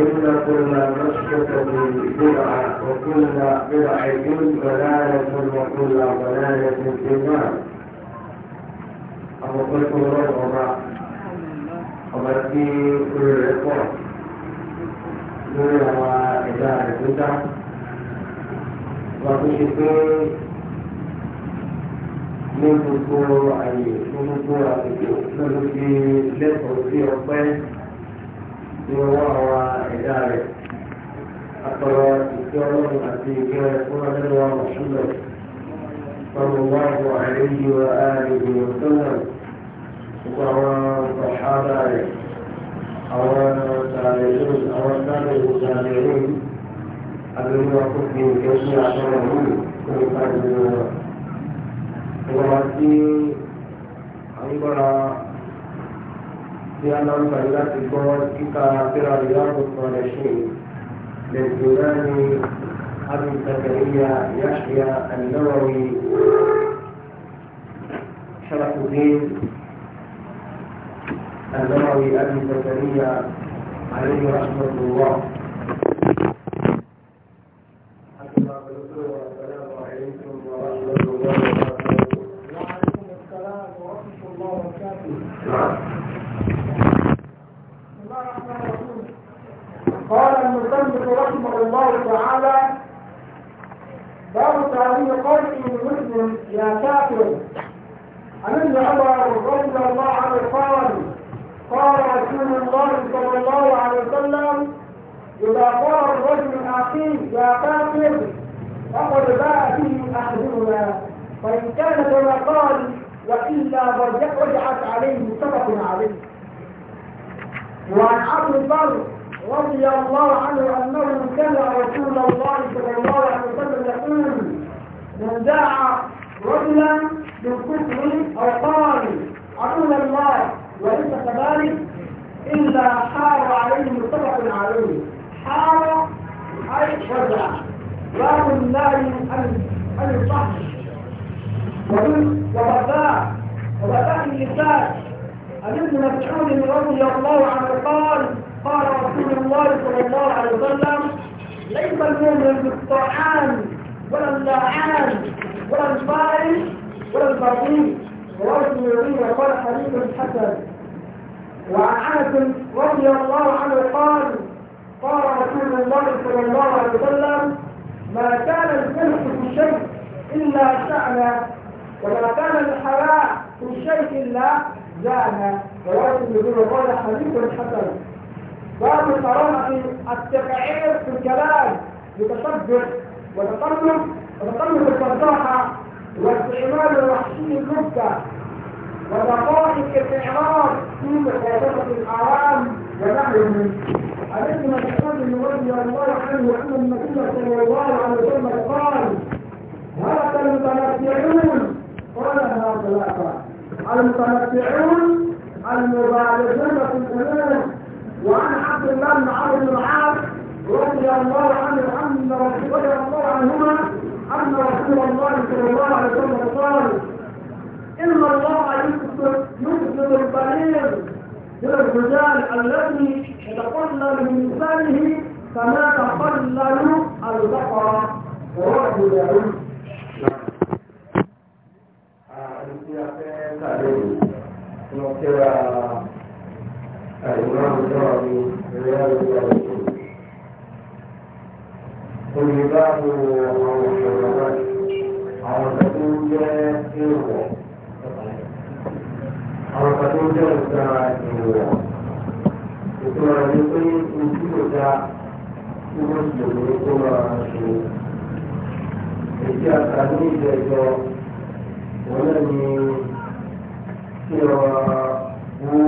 إن كل مشكة بدعة وكل بدعة ضلالة وكل ضلالة في النار أما قلت الله وما في كل العقاب نرى إدارة بدعة وتشكي من دكتور أي من دكتور أي من دكتور أي ní ọwọ́ àwọn ẹ̀dá rẹ̀ àtọ̀rọ̀ ìfẹ́ ọlọ́run àti ìfẹ́ fún ọlọ́run wa mọ̀ṣúlọ̀ pẹ̀lú wáàbù àìríyí wa àìríyí wa sọ́nà gbogbo àwọn ọ̀ṣáàdá rẹ̀ àwọn tààrẹ̀lú àwọn tààrẹ̀lú tààrẹ̀lú àbẹ̀wò àkókò ìfẹ́ sí àtọ̀rọ̀ lórí lórí pàdé wọn. ìwọ̀n àti àwọn ìgbọ́ra tí a máa كيكا gbà رياض الصالحين kíka síra أبي زكريا يحيى النووي شرف الدين النووي أبي زكريا عليه رحمة الله قال تعالى باب تعليم قول المسلم يا كافر عن ابن عمر رضي الله عنه قال قال رسول الله صلى الله عليه وسلم إذا قال الرجل أخيه يا كافر فقد باء به أحدنا فإن كان كما قال وإلا رجعت عليه متفق عليه وعن عبد البر رضي الله عنه أنه كان رسول الله صلى الله عليه وسلم يقول من دعا رجلا بالكفر أو قال عدو الله وليس كذلك إلا حار عليه متفق عليه حار أي شجع باب النار عن الفحش وبكاء وبكاء اللسان عن ابن مسعود رضي الله عنه قال قال رسول الله صلى الله عليه وسلم ليس المؤمن بالطعام ولا اللعان ولا الفارس ولا البغي رواه النبي قال حديث حسن وعن انس رضي الله عنه قال قال رسول الله صلى الله عليه وسلم ما كان الفلح في شيء الا شأنه وما كان الحياء في شيء الا زانه رواه النبي قال حديث حسن باب كراهة التقعير في الكلام لتشبه وتطلب وتطلب الفضاحة واستعمال الوحشي المبتع ودقائق الإعراض في مخالفة الحرام عليك ما تقول ان رضي الله عنه أن النبي صلى الله عليه وسلم قال هلك المتمتعون قال هؤلاء المتمتعون المبالغون في الامور وعن عبد الله بن عمرو بن العاص رضي الله عنه ان رضي الله عنهما ان رسول الله صلى الله عليه وسلم قال ان الله يسلم البعير من الرجال الذي تقل من لسانه كما تقلل البقره ورواه داود Thank آه، you. الإمام الذهبي رياض الصالحين قل باب ومحرمات àwọn tó ń jẹ́ ìwọ̀ àwọn tó ń jẹ́ ìta ìwọ̀ ètò ọ̀rọ̀ ni pé ojú kò dá tí wọ́n sì lè kó máa ṣe èyí àtà ní ìjẹ́jọ́ wọn náà ni kí ọ wú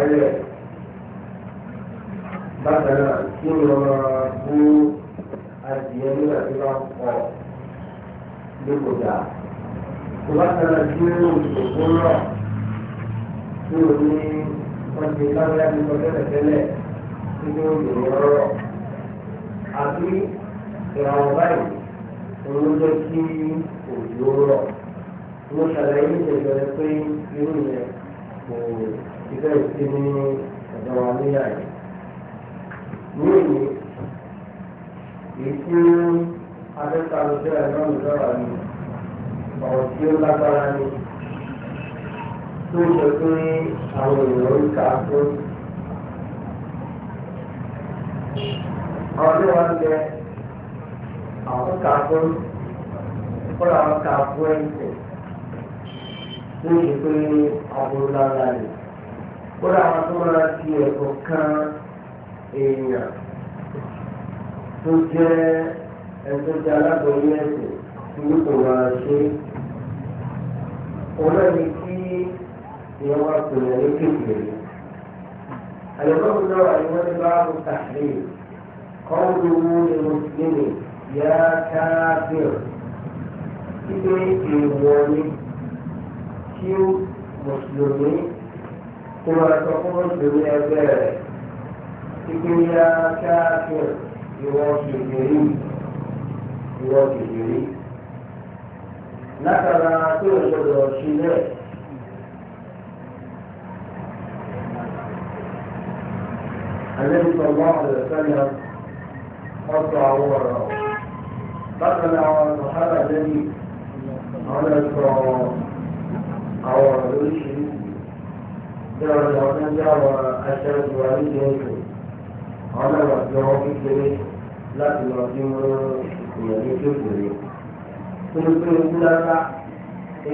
àárẹ̀ bákan náà kí ni wọ́n máa bú adìyẹ nígbà tí wọ́n pọ̀ lókòjà tó bá kan náà kí ni òkú náà tí o ní wọ́n ti lábẹ́ àdúgbò tẹ́lẹ̀tẹ́lẹ̀ tí ó lè rọrọ̀ àbí ìràwọ̀ báyìí òun jẹ́ kí òjò rọ̀ mo ṣàlàyé ìṣẹ̀lẹ̀ pé irú yẹn kò ilé ìsìn ní ọ̀dọ̀ wa ní àyè. ní èyí ìsú adékalùjọ ẹ̀rọ ìjọba ni ọ̀rọ̀ tí ó lágbára ni tó ṣe pé àwọn èèyàn ń kà tó. ọdún wa ń bẹ àwọn kà tó kọ́ra àwọn kà tó ẹ̀sìn tó ṣe pé àbúrò lára rẹ̀ kódà àwọn tó máa fi ẹ̀kọ́ kan èèyàn tó jẹ́ ẹ̀tọ́ jẹ́ alábòóyé ẹ̀sìn tí ó kò máa ṣe òun náà ni kí èèyàn wá pèlè ní kékeré àyẹ̀wò náà wà ní wọ́n ti bá wọn tàlẹ́ kọ́ńdùnmú ni mùsùlùmí yá káfíọ̀ títí èèwọ̀ ni kí mùsùlùmí kó máa sọ fún mùsùlùmí ẹgbẹ́ rẹ̀ ìpínyà káàkiri ìwọ kìkìrí ìwọ kìkìrí látara tí o gbọdọ̀ sílẹ̀. النبي صلى الله عليه وسلم قطع وراءه بطل على الصحابة الذي على الصحابة أو الرشي jẹ́wọ́ ìjọ fún jẹ́wọ́ aṣọ ìwà nílé ètò àwọn náà wà sí ọwọ́ kékeré láti lọ sí mú ìyẹn ní kékeré. Nínú pé ojú lára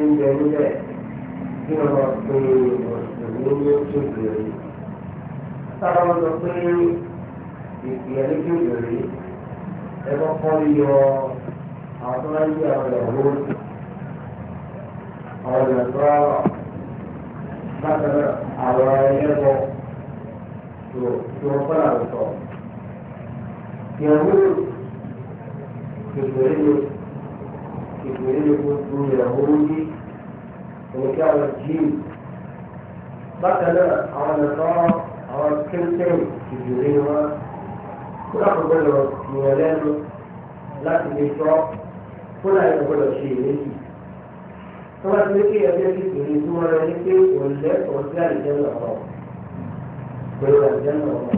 ń bẹ níbẹ̀ kí wọ́n lọ pe òṣèlú ní kékeré. Sábà wọ́n sọ pé ìyẹn ní kékeré ẹ kọ́kọ́ yọ àwọn tó máa ń yí àwọn ìyàwó àwọn ìyàwó bákan náà àwọn ẹlẹ́bọ tí wọ́n fẹ́ àwùjọ. Ìyàwó kékeré ni kékeré ni gbogbo ìyàwó yí òun kí àwọn jíì. Bákan náà àwọn ẹ̀fọ́ àwọn kéńtẹ́ kékeré ni wọ́n kó láti gbọ́dọ̀ ìwọ̀n lẹ́nu láti lè sọ kó láti gbọ́dọ̀ ṣe ìrètí. tọ́lá ti pé ẹgbẹ́ ti pè é tó wọn lọ ní pé òun lẹ́kọ̀ọ́ sí àìjẹ́ lọ́wọ́ pẹ̀lú àìjẹ́ lọ́wọ́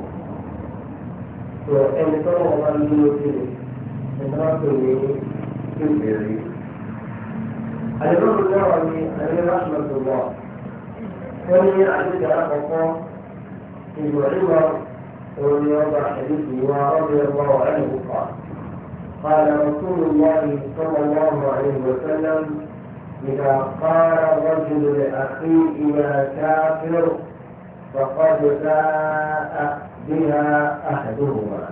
tó ẹni tọ́lọ́ wọn bá ní lókè ẹni wọn pè ní kékeré. àyẹ̀wò náà ni àyẹ̀wò ráṣùmọ̀ tó wọ̀ wọ́n ní àdéjà àkọ́kọ́ ìgbà ìwà òun ni ọba àdéjì wa ọ̀dọ̀ ẹ̀kọ́ ọ̀rẹ́ ìwòkà. قال رسول الله صلى الله عليه وسلم إذا قال الرجل لأخيه يا كافر فقد باء بها أحدهما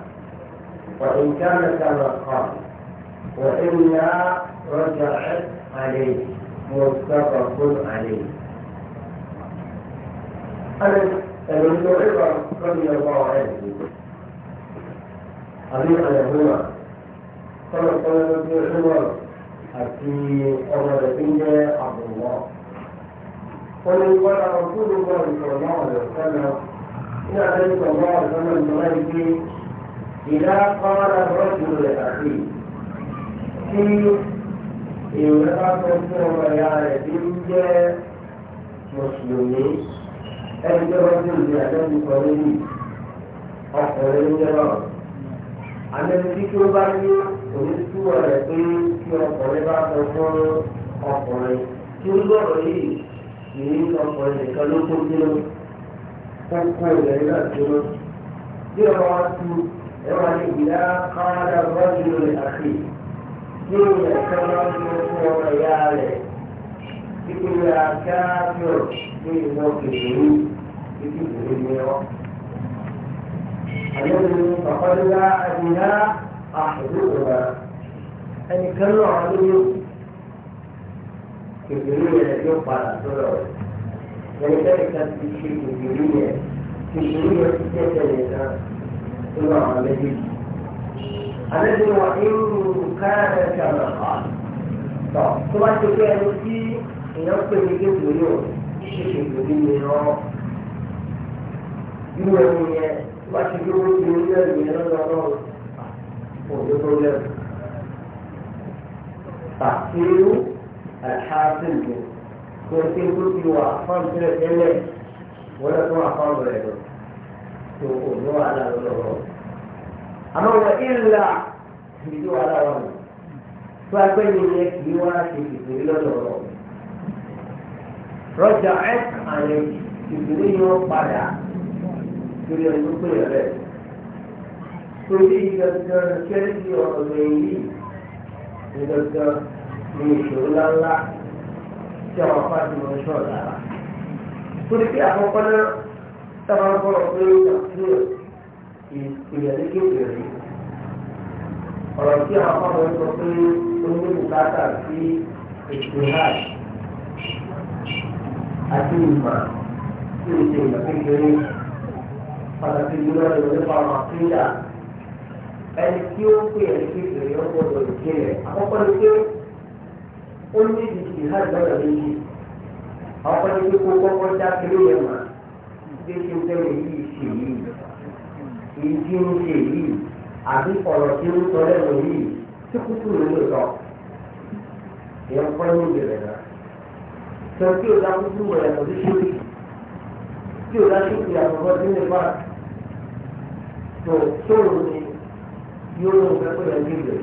وإن كان كما قال وإلا رجعت عليه متفق عليه أنس عمر رضي الله عنه حديث عن عمر قال قال ابن عمر àti ọmọ rẹ̀ tó ń jẹ́ àbùwọ̀. wọ́n ní kọ́ àwọn tó ló gbọ́ ìsọ̀rọ̀ náà rẹ̀ sọ́nà ní àlẹ́ ìsọ̀rọ̀ náà rẹ̀ sọ́nà ìjọba yìí pé ìdá kọ́ra rọ́ọ̀dù rẹ̀ àti tí èèyàn bá sọ fún ọmọ ìyá rẹ̀ tó ń jẹ́ mùsùlùmí ẹni tó bá tó lè àtẹ́jú sọ lórí ọkùnrin ń jẹ́ náà. àmì ẹni tí ó bá ní èyí túbọ̀ rẹ̀ pé kí ọkùnrin bá sọ fún ọkùnrin kí ó gbọ́dọ̀ yìí kìí ọkùnrin nìkan ló kó sínú kó kó ìrẹ̀lẹ̀ náà sínú. bí ọmọ wa tu ẹ wá ní ìlà káwádà bọ́ọ̀lù rẹ̀ àti kí ó yẹ kí wọ́n mú fún ọmọ ìyá rẹ̀ títí ra káàkiri ní ìwọ kìnìún títí kìnìún ni ọ. àlejò ìfọ̀kọ́lá àdìyá àdúrà ẹnìkan náà lóyún kékeré yẹn yóò padà sọ̀rọ̀ ẹnìkan kan ti ṣe kékeré yẹn kékeré yẹn ti tẹ̀sẹ̀ nìkan tó náà wà lẹ́yìn. Àlejò wa irú káyà ẹ̀ka náà kà tọ̀ tó bá ti pé ẹni tí èèyàn pè ní kékeré o ṣe kékeré yẹn lọ́wọ́. Irú ẹni yẹn tó bá ti dúró ní orílẹ̀-èdè yẹn lọ́wọ́. وده problem تحصيل الحاصل به كنتين كنت يوحفان ولا إليه ولا توحفان ولا يقول يقول هو على الله أما وإلا يدو على الله فأكون يليك يواشي في الله رجعت عليك يدري يوم بعد يدري يوم بعد torí dandan kẹ́lí ọ̀rọ̀ èyí ní dandan ní ìṣòro ńláńlá tí àwọn afáàdì mọ̀ ń lára. torí pé àkọ́kọ́ náà táwọn akọ́rọ̀ pé ó yà sí ìpìlẹ̀ ní kékeré ọ̀rọ̀ tí àwọn akọ́rọ̀ sọ pé ó ní bùkátà sí ìpìlẹ̀ àti ìmọ̀ tí ó kékeré pàtàkì jùlọ ìrọ̀lẹ́pàá àti ìyá ẹni tí ó pè é ní kékeré ọkọ lọ ìké rẹ àkọ́kọ́ ni pé ó ní ìdìbò ìhà ìgbọ́dọ̀ méjì àkọ́kọ́ ni pé kó kọ́kọ́ dá kéré yẹn mà bí ó ṣe ń tẹ́lẹ̀ yìí ṣe yìí èyí tí ó ń ṣe yìí àbí ọ̀rọ̀ tí ó ń sọ lẹ́nu yìí tí kúkú ló lè sọ ìyẹn kọ́ ní ìbẹ̀rẹ̀ náà sọ tí o dá kúkú mọ̀ ẹ̀ lọ́dún sórí tí o dá sókè àkọ́kọ́ sí nípa tó sóòrò ni yóò lọ fẹ́ pé ẹ gbé rẹ̀.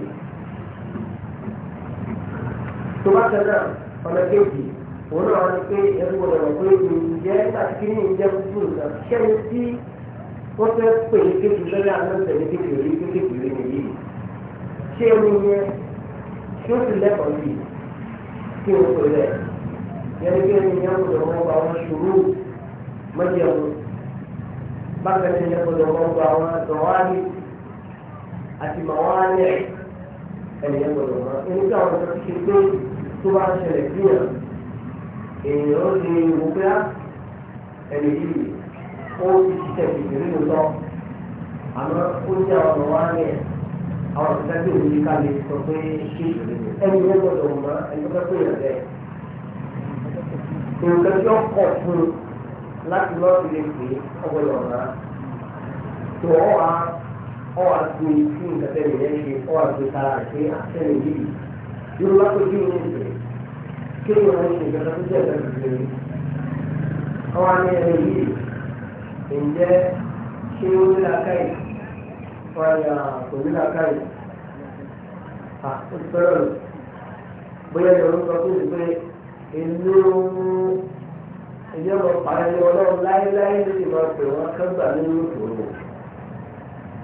tó bá tẹ̀ náà ọ̀nà kejì òun náà ni pé ẹni gbọdọ̀ mọ̀ pé ǹjẹ́ àti kí ní ìjẹ́ gbogbo nǹkan ṣẹ́ni tí wọ́n fẹ́ pè é kékeré lọ́lẹ́ àná tẹ̀lé kékeré rí kékeré nìyí ṣé ẹni yẹn ṣé ó sì lẹ́kọ̀ọ́ yìí kí o pè rẹ̀ yẹn kí ẹni yẹn gbọdọ̀ mọ̀ àwọn ṣòro mọ́jẹ̀mú bákan ní ẹni gbọdọ̀ mọ̀ àwọn dọ̀wárì àti màwáálẹ̀ ẹnìyẹn gbọdọ̀ mọ́ ẹni tí àwọn ọ̀dọ́ ti gbé tó bá ń ṣẹlẹ̀ síyàn èèyàn lè wò pé ah, ẹni yìí ó ti ṣiṣẹ́ kékeré lóòótọ́ àmọ́ ó jẹ́ àwọn màwáálẹ̀ àwọn ọ̀dọ́ tí òun yí ká lè sọ pé ṣé ẹnìyẹn gbọdọ̀ mọ́ ẹni tó fẹ́ yàn bẹ́ẹ̀ nǹkan tí ó kọ̀ fún láti lọ́ọ́ fi lè pè é ọgbọ́dọ̀ tó ọ wá ọwọ́ àti tí nǹkan tẹ́lẹ̀ yẹn ṣe ọwọ́ àti tara àti àtẹ́lẹ̀ yìí yóò wá pé kí ni ìṣe kí ni wọ́n ṣe ìjọba tó jẹ́ ìjọba tó ṣe ọwọ́ àmì ẹ̀rọ yìí ǹjẹ́ ṣé ó ní làákàyè ọ̀rọ̀ kò ní làákàyè à ó ti fẹ́ràn lọ bóyá ìyọ̀rọ̀ sọ fún mi pé èlò ìjọba pàdé ọlọ́run láéláé ló ti máa kẹ́gbà nínú ìṣòro yóò ti máa pè ní ọjọ́ àwọn ìlú ọlọ́run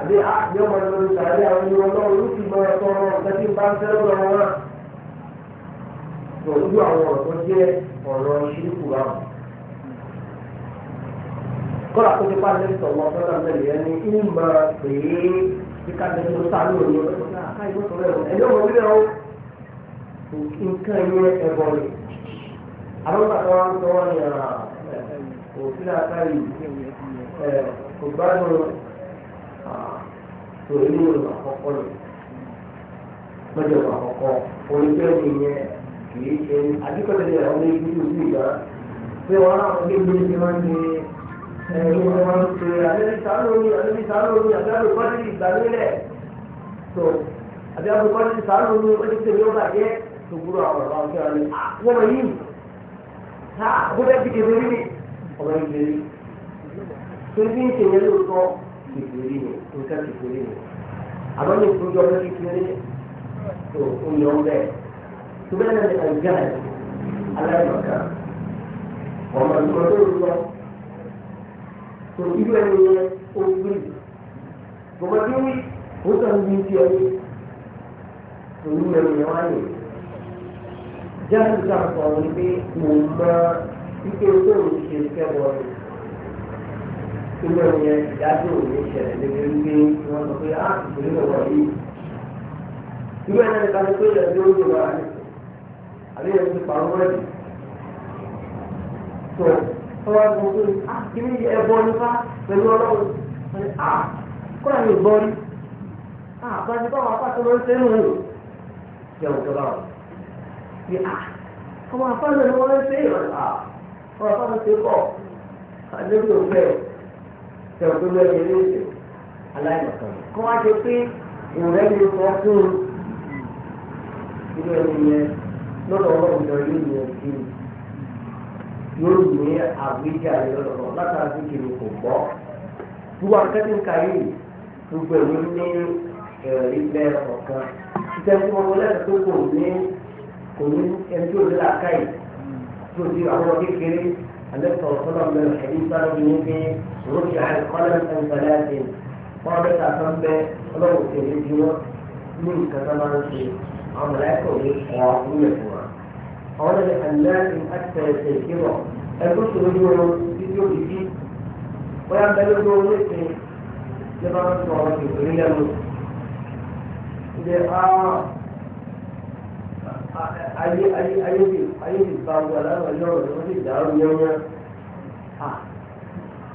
àbí yóò máa lọ sàárẹ̀ àwọn ìlú ọlọ́run yóò ti máa tọrọ ọ̀sẹ̀ tí bá ń fẹ́ lọ́wọ́ wọn. pẹ̀lú àwọn ọ̀tọ́ jẹ́ ọ̀rọ̀ ṣíríkù ráàmù. kọ́lá tó ti pa ní sọ̀rọ̀ ọ̀sọ́dọ̀ mẹ́rin yẹn ni ń máa pè é bí ká lè tó sáré òní ọ̀sọ́dọ̀ àká ìwọ́sọ̀rọ̀ kò gbádùn tòun ní ìròyìn àkọ́kọ́ rẹ̀ lọ́jọ́ àkọ́kọ́ oníṣẹ́ ìyẹn kìí ṣe àdìkọ́tẹ̀lẹ̀ àwọn ìgbìmọ̀ sí ìgbà pé wọ́n á wọ́n gbé ní wọ́n ní ẹ̀rọ wọn ṣe àdébísàlórí àdébísàlórí àdébísàlórí ìgbàlélẹ̀ tó àdébísàlórí ìsàlórí oníṣẹ́lẹ̀ ó bàjẹ́ tó gbúrò àwọn ọ̀rọ̀ àwọn ọ̀rọ̀ ah, yìí ta àbúrẹ́ ti kébé rí ni ọ̀rọ̀ ìgbèrí torí bí ń ṣe yẹn lóòótọ́ kékeré ni nǹkan kékeré ni àmọ́ ní ìtọ́jú ọjọ́ kékeré tó oyè ọ̀bẹ tó bẹ́ẹ̀ náà ní àyíká ẹ̀ aláìmọ̀ká ọmọ ìgbọ́n tó ń lọ tó irú ẹni yẹn ó gbé gbogbo tí wí ó sọ ní ti ẹni tó ní ẹni yẹn wáyé jáde sáà sọ wọn pé mo mọ ike tó ń ṣe kẹwọ́n nínú yẹn ìdájọ́ òní ìṣẹ̀lẹ̀ lébẹ́ wípé wọ́n sọ pé á ìpínlẹ̀ lọ́wọ́ yìí. irú ẹ̀ náà nìkan ni pé ilẹ̀ tó ń lò wá ní àbí ẹ̀ ti pàrọ̀ wọ́ọ̀dì. tó ọ wá gbọ́ pé á ah, kí ni ẹbọ nípa pẹ̀lú ọlọ́run wọ́n ní á kọ́ra ní ìbọn rí. àbájú ah, báwọn apá tó lọ ń sẹ́nu rò jẹ́ òjọba wọn. ní á ọmọ apá náà ni wọ́n ń sẹ́ ìrọ̀lá ah, ọmọ apá náà ti kọ́ tẹ̀wọ́n tó lọ ẹ̀yẹ lóṣù aláìmọ̀kan kó wá ṣe pé ìrẹ́ mi sọ fún un irú ẹni yẹn lọ́dọ̀ ọlọ́run lọ yóò yẹ kí yóò ní àgbéjà lọ́dọ̀ látàrí kí ni kò gbọ́ gbogbo akẹ́kọ̀ọ́ ń ka yìí gbogbo ẹ̀mí ní ilẹ̀ ọ̀kan títẹ̀ tí wọ́n wọlé tó kò ní kò ní ẹni tó lé làákàyè tó di àwọn kékeré. النبي صلى الله عليه وسلم من الحديث قال بنيتي رفع القلم عن ثلاث قال بس عشان لو تجدوا من كتمان شيء عملاته وعقولته أولا لأن أكثر التذكرة الكل يقولوا فيديو جديد ويعملوا له نفسه لما نسمع في كل يوم ayé ayé ayé ti ayé ti fa gbogbo aláwọ̀ lọ́rọ̀ tí wọ́n ti dàrú yẹ́nyẹ́ à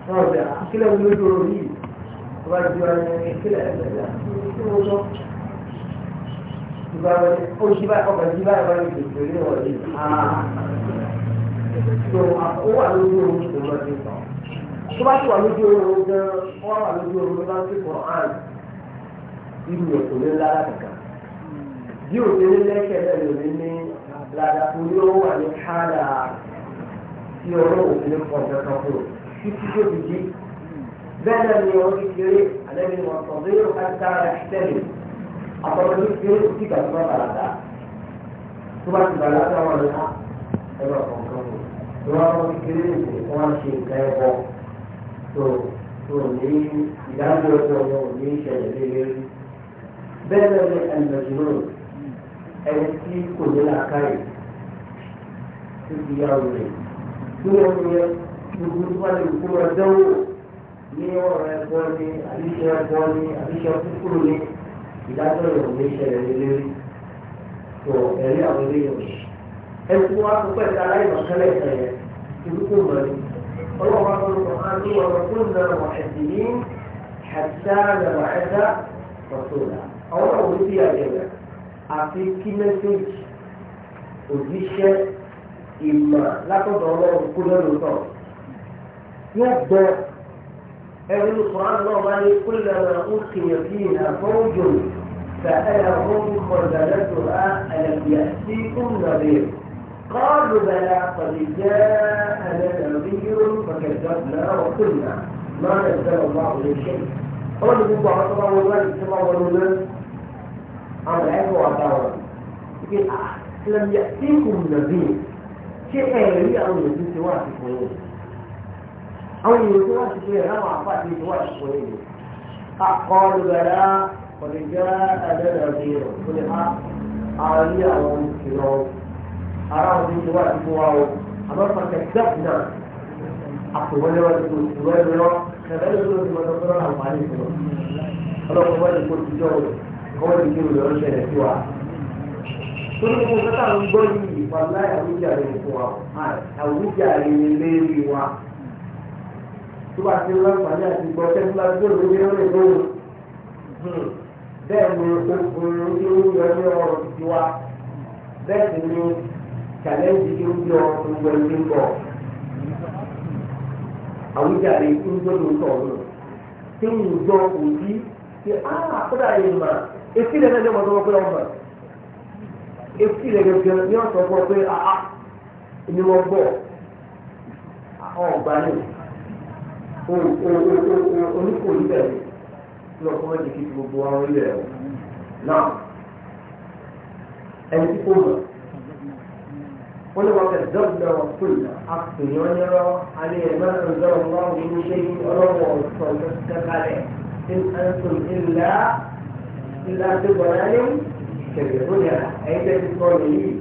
wọ́n bẹ̀ àkílẹ̀ wọn lójú ọ̀rọ̀ yìí wọ́n bá ju ara ẹni kílẹ̀ ẹ̀ẹ́dẹ̀gbẹ̀ kí wọ́n ìgbà wọn ó jí báyìí ọkọ̀ jí báyìí wọ́n ti pè ní wọ̀nyí tó ó wà lójú ọ̀rọ̀ tó lọ sí sọ. tó bá ti wà lójú ọ̀rọ̀ gan-an wà lójú ọ̀rọ̀ tó bá ti kọ̀ bí o ṣe ní lẹ́kẹ̀ẹ́ lẹ́nu mi ní làdàpọ̀ ní ó wà ní kálà tí ọlọ́wọ́ òfin kan kankan fún o títí tó fi jí bẹ́ẹ̀ náà ni wọ́n ti kéré àlẹ́bí wọn sọ pé yóò ká dára tẹ́lẹ̀ àtọ́jú tó kéré kò sí ìgbàgbọ́ bàlàdà tó bá ti bàlàdà wọn ní ẹgbẹ́ kọ̀ọ̀kan fún o wọ́n wọ́n ti kéré nìyí wọ́n ṣe nǹkan ẹ̀kọ́ tó tó ní ìdájọ́ ẹ̀kọ́ yẹn ò ní ìṣẹ̀lẹ̀ lé náà ẹni tí kò ní làákà yìí tó ti yá òun rẹ̀ tí wọ́n ní gbogbo tó bá lè kó wọn dánwò ní ọ̀rọ̀ ẹ̀gbọ́n ni àbíṣe ẹ̀gbọ́n ni àbíṣe kúkúrú ni ìdájọ́ ìrọ̀ ní ìṣẹ̀lẹ̀ nílé tó ẹ̀rí àwọn eléyìí ẹ̀kú wa kó pẹ̀lú aláìmọ̀kẹ́lẹ̀ ìṣẹ̀lẹ̀ ìdúkú mọ̀ ni ọlọ́wọ́ akọ́lùkọ́ á ní ọ̀rọ̀ tó ń wà ẹ̀sìn yìí حتى نبعث رسولا أو أولي في أجابة àti kí mẹ́sẹ̀jì òjíṣẹ́ ìmọ̀ látọ̀dọ̀ ọlọ́run kó lẹ́nu sọ yóò gbọ́ ẹni sọ̀rọ̀ náà wá ní kúlẹ̀ náà ó kìyàn sí ìhà fọ́ọ̀jù فأنا هم خزنتها ألم يأتيكم نذير قالوا بلى قد جاءنا نذير فكذبنا وقلنا ما نزل الله من شيء قالوا بابا عطوا والله سبحانه وتعالى àwọn ẹ̀rọ àbáwọ̀ pé àtìlẹ́yìn tí kò nàbí ṣé ẹ̀rí àwọn èèyàn ti wá àtìkò yẹn àwọn èèyàn ti wá àtìkò yẹn láwọn àpá àti ti wá àtìkò yẹn akọọlù bẹ̀rẹ̀ ọ̀dẹ̀ jẹ́ ẹ̀dẹ́rẹ̀ bí rẹ̀ ó lè má àárí àwọn ìlọ ara wọn ti wá àtìkò wa o àmọ́ pàṣẹ gẹ́gẹ́ náà àtòwọ́lẹ́wọ́lẹ́ tó ti wẹ́rẹ́ lọ kẹ̀kẹ́ ló ti wọ́n ti wọ́n tó kọ́wọ́ ti kírun lọ́rọ́ ṣẹlẹ̀ sí wa. tó ní kókó sọ́tà ló ń gbọ́ yìí ìfàlá àwùjáre fún wa àwùjáre ní léèrè wa. tó bá ti lọ́nfààní àti gbọ́ tẹ́sílá tó ló dé lórí lóhùn. bẹ́ẹ̀ ni okùnrin tí ó ń yọ ní ọrọ̀ ti wa bẹ́ẹ̀ sì ni kàlẹ́ǹdì tí ó ń yọ gbogbo ẹni tí ń bọ̀. àwùjáre ń gbọ́dọ̀ sọ̀rọ̀ tí ń gbọ́ òbí ṣe á ah, kódà yìí máa etí rẹ̀ lẹ́jọ́ mọ̀tò wọ́pẹ́ lọ́wọ́ etí rẹ̀ gẹ́gẹ́ ní ọ̀sán fún ọ pé àá ni wọ́n gbọ́ ọ̀gbà ni oníkò níbẹ̀ ni lọ fún ẹ̀jẹ̀ kí gbogbo àwọn ilẹ̀ ọ̀ náà ẹni tí kò mọ̀ wọ́n lè wọ́n kẹ́ dọ́gba wọn fún ìlà àpèyàn onírọ́ alẹ́ ẹ̀gbọ́n ìjọba wọn kì í ṣe ọlọ́wọ́ ọ̀sán kẹ́kẹ́ kalẹ̀ in antum illa ńlá tó gbọ́dá ní kẹ̀kẹ́ tó yàrá ẹ̀yin tẹ́ ti kọ́ ní yìí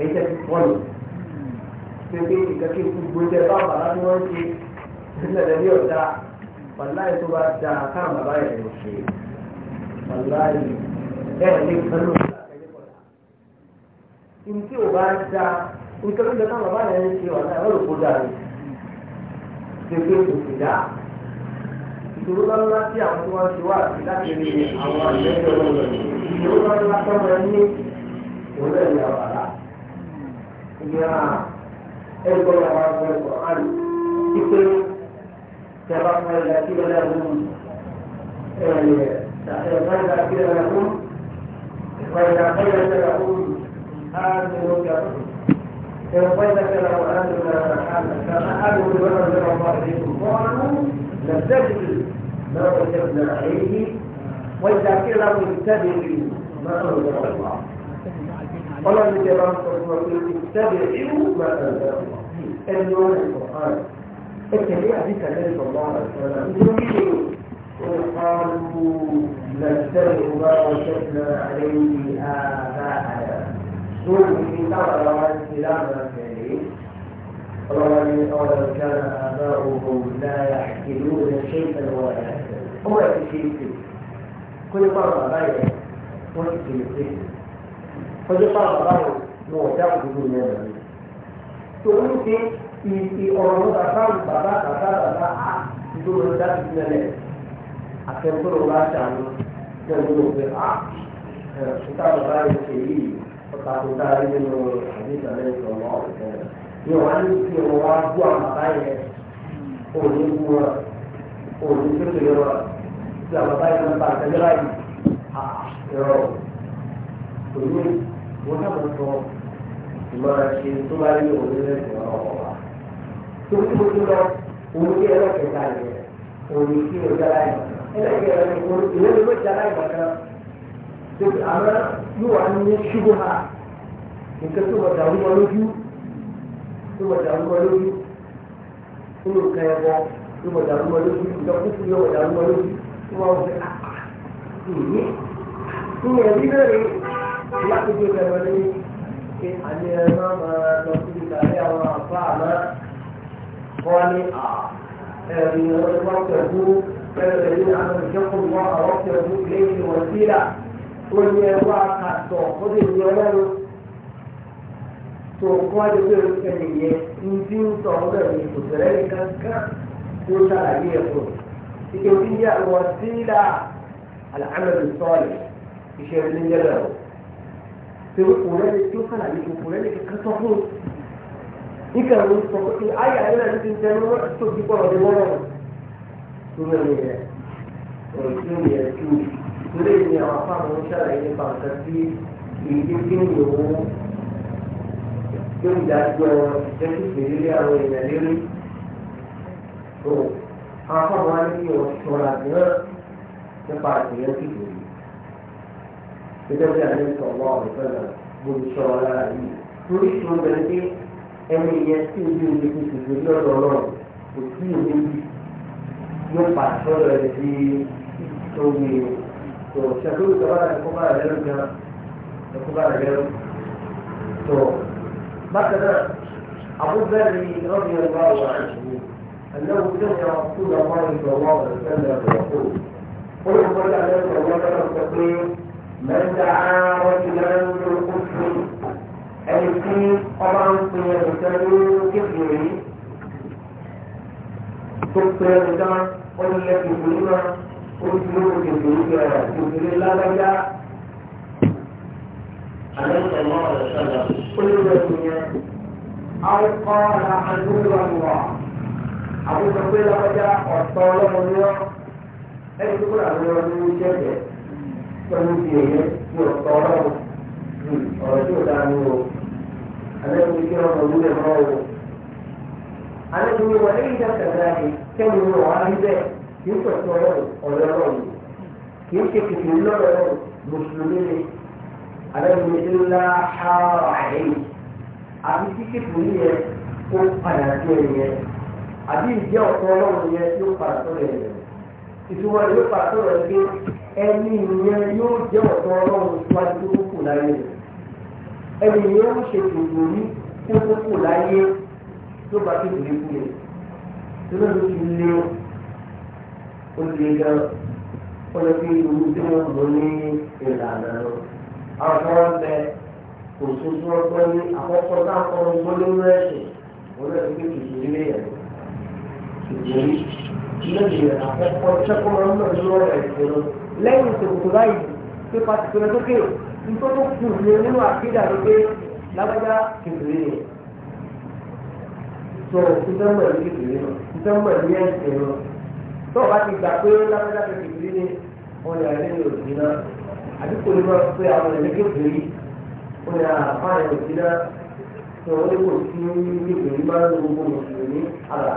ẹ̀yin tẹ́ ti kọ́ ní. pépé ìkàkí gbogbo tẹ bá bàbá tí wọ́n ṣe nílẹ̀ ní ọ̀dà wàláì tó bá da káàmù bàbá yẹn ló ṣe wàláì ẹ̀ ní kánú ìtí ò bá da nǹkan tó ń bàbá yẹn ṣe wàláì wọ́n lò kó dáa ní kò sì dáa ìṣòro ńlá tí àwọn tí wọ́n ṣe wà láti rí àwọn àgbẹ̀jọ lọ́wọ́ ìṣòro ńlá tó wọ́n ní òwúrọ̀ ìyá wàrà ìyá ẹgbẹ́ ìyá wàrà fún ẹ̀kọ́ àlù wípé ìjọba fún ẹ̀yà kí lọ́dà fún ẹ̀yẹ ìjọba ìyá kí lọ́dà fún ìfọ̀yà ẹ̀yà lọ́dà fún ààrùn ìlọ́dà fún lọ́dà fún ààrùn ìlọ́dà fún ààrùn ìlọ́dà fún ààrùn ìlọ́dà fún ààrùn ìlọ́dà fún ààrùn ìlọ́dà ما وجبنا عليه وإذا كلا ما أنزل الله ولا نجران فرصوة اتبعوا ما أنزل الله من القرآن التبعي حديث النبي صلى الله عليه وسلم وقالوا نتبع ما وجدنا عليه آباءنا قل في ترى السلام في قال أولو كان آباؤهم لا يحكمون شيئا ولا يهتدون هو يكفي كل مرة غير ويكفي فدي طرف غير معتقد من النبي تقول في في أورو دخل بابا بابا بابا تقول ده آه، من النبي أكيد كل ما شانو تقول في آه كتاب غير سيء فكتاب غير من الحديث عليه الصلاة والسلام ni wọn ní fi wọn wá bú àwọn bàbá yẹn òní bú wọn òní tó lè wọn tí àwọn bàbá yẹn bá tẹ̀lé báyìí àrọ òní wọn náà wọn sọ ìmọ̀ràn ṣe tó bá rí òní lẹ́sìn ọ̀rọ̀ wa tó kí mo tó lọ òní kí ẹlẹ́kẹ̀ẹ́ta yẹn òní kí o jára yẹn ẹlẹ́kẹ̀ẹ́ta yẹn òní kí o jára yẹn kan tó àwọn yóò wá ní ṣubú ha nǹkan tó wọ tó wọ̀ bẹ̀rẹ̀ láti tó tẹ̀wọ̀ ní pé àmì ah, ah, ẹ̀rọ máa lọ sí ìtàlẹ́ àwọn àfa àmọ́ kọ́ ní à ah, ẹ̀rì ìrọ̀lẹ́ wọn tẹ̀kú ẹ̀rọ ní àwọn ìjọ́kùn wọn àwọn tẹ̀kú ilé ìwọ̀n sílà ó ní ẹ̀rọ àkàtọ̀ ó lè ní ọlọ́run tó nǹkan àdúgbò ẹni yẹn ń bí ń sọ ọ́ bẹ́ẹ̀ ni kò tẹ̀lé nìkan kan tó ṣàlàyé ẹ̀kọ́ ìkejì ń jẹ́ àwọn sílá àlàámẹ́lì sọ́ọ̀lì iṣẹ́ ilé jẹ́lẹ̀ o tó kò rẹ́ni tó ṣàlàyé kò kò rẹ́ni kankan sọ fún un nígbà wo sọ pé ayé ayé náà ti ń tẹnu wọn tó ti pọ̀ lọ́dún wọn tó bẹ̀rẹ̀ yẹn ọ̀rọ̀ tó yẹ kí o lórí ni àwọn afáàmù ń ṣàlàyé nípa nǹkan tí ìdí kí ń lò ó tó ń dájọ́ ìtẹ́sífẹ́ lórí àwọn èèyàn lérí. tó àwọn ọmọ wa ní ọ̀ṣọ́ra mìíràn nípa ìpínlẹ̀ kìlọ̀ yìí. gẹ́gẹ́ bí àlẹ́ sọ ọmọ ọ̀sán náà gbogbo ṣọ́ra lára yìí. torí ìṣòro bẹ̀rẹ̀ pé ẹni yẹn tí ojú omi ti ṣètò lọ́dọ̀ náà kò sí òní yìí yóò pa àṣọ́rọ̀ ẹ̀ sí omi tó ṣàkóso ìjọba ẹ̀kọ́ bá rẹ̀ lẹ́nu gan ẹ̀kọ́ bá rẹ̀ lẹ́nu مثلا أبو ذر رضي الله عنه أنه سمع رسول الله صلى الله عليه وسلم يقول قل قل عليه الله عليه من دعا رجلا أي في طبعا سيرتد كفره تقتل قل لك كفرنا قل لك كفرنا كفر لا بد عليه الله وسلم كل الدنيا أو قال عنه الله أبو بكر لقد أطال منه أي تقول أبو بكر من شيء فمن شيء يطال ورجل عنه أنا أريد أن أقول له أنا أقول وإذا كذلك كم هو واحد يقول له ولا رجل يمكن كثير له مسلمين àbẹ́rẹ́ ìlà ṣáàrọ̀ àyẹ̀yìn àbí kíkẹ́ tó ní yẹ kó padà sí ẹ̀yìn yẹn àbí ìjẹ́ ọ̀tọ̀ ọlọ́run yẹn tí ó padà tó rẹ̀ yẹn ìtumọ̀ rẹ̀ yóò padà tó rẹ̀ pé ẹni yẹn yóò jẹ́ ọ̀tọ̀ ọlọ́run síwájú tó kù láyé rẹ̀ ẹni yẹn ó ṣe tòlù ní kó tó kù láyé tó bá tó lè kú yẹn tó lè ti lé o lè gan ọlọ́pẹ́ ìlú tí wọ́n mú ní ìlànà náà àwọn tó wọ́n bẹ kò sojú ọgbọ́n ní àkọ́kọ́ náà kọ́ ló gbólé ní ẹ̀sìn wọ́n lè fi kìkì nílé yẹn ṣùgbọ́n lóye àkọ́kọ́ sẹ́kọ́ máa ń lọ sí ọ̀rọ̀ ìṣòro lẹ́yìn ìṣòkòtò báyìí pé pàtìkìrẹ sókè nítorí tó kù ní nínú àkídà ló pé lágbájá kìkìrì yẹn tó ìtẹ́mọ̀ ní kìkìrì yẹn ìtẹ́mọ̀ ní ẹ̀sìn yẹn tó o bá ti gbà pé àbí kò ní máa pe àwọn ẹ̀mí kékeré ó ní àfáàní òsì náà tó wọ́n kò sí kékeré máa ń lo gbogbo mùsùlùmí àlà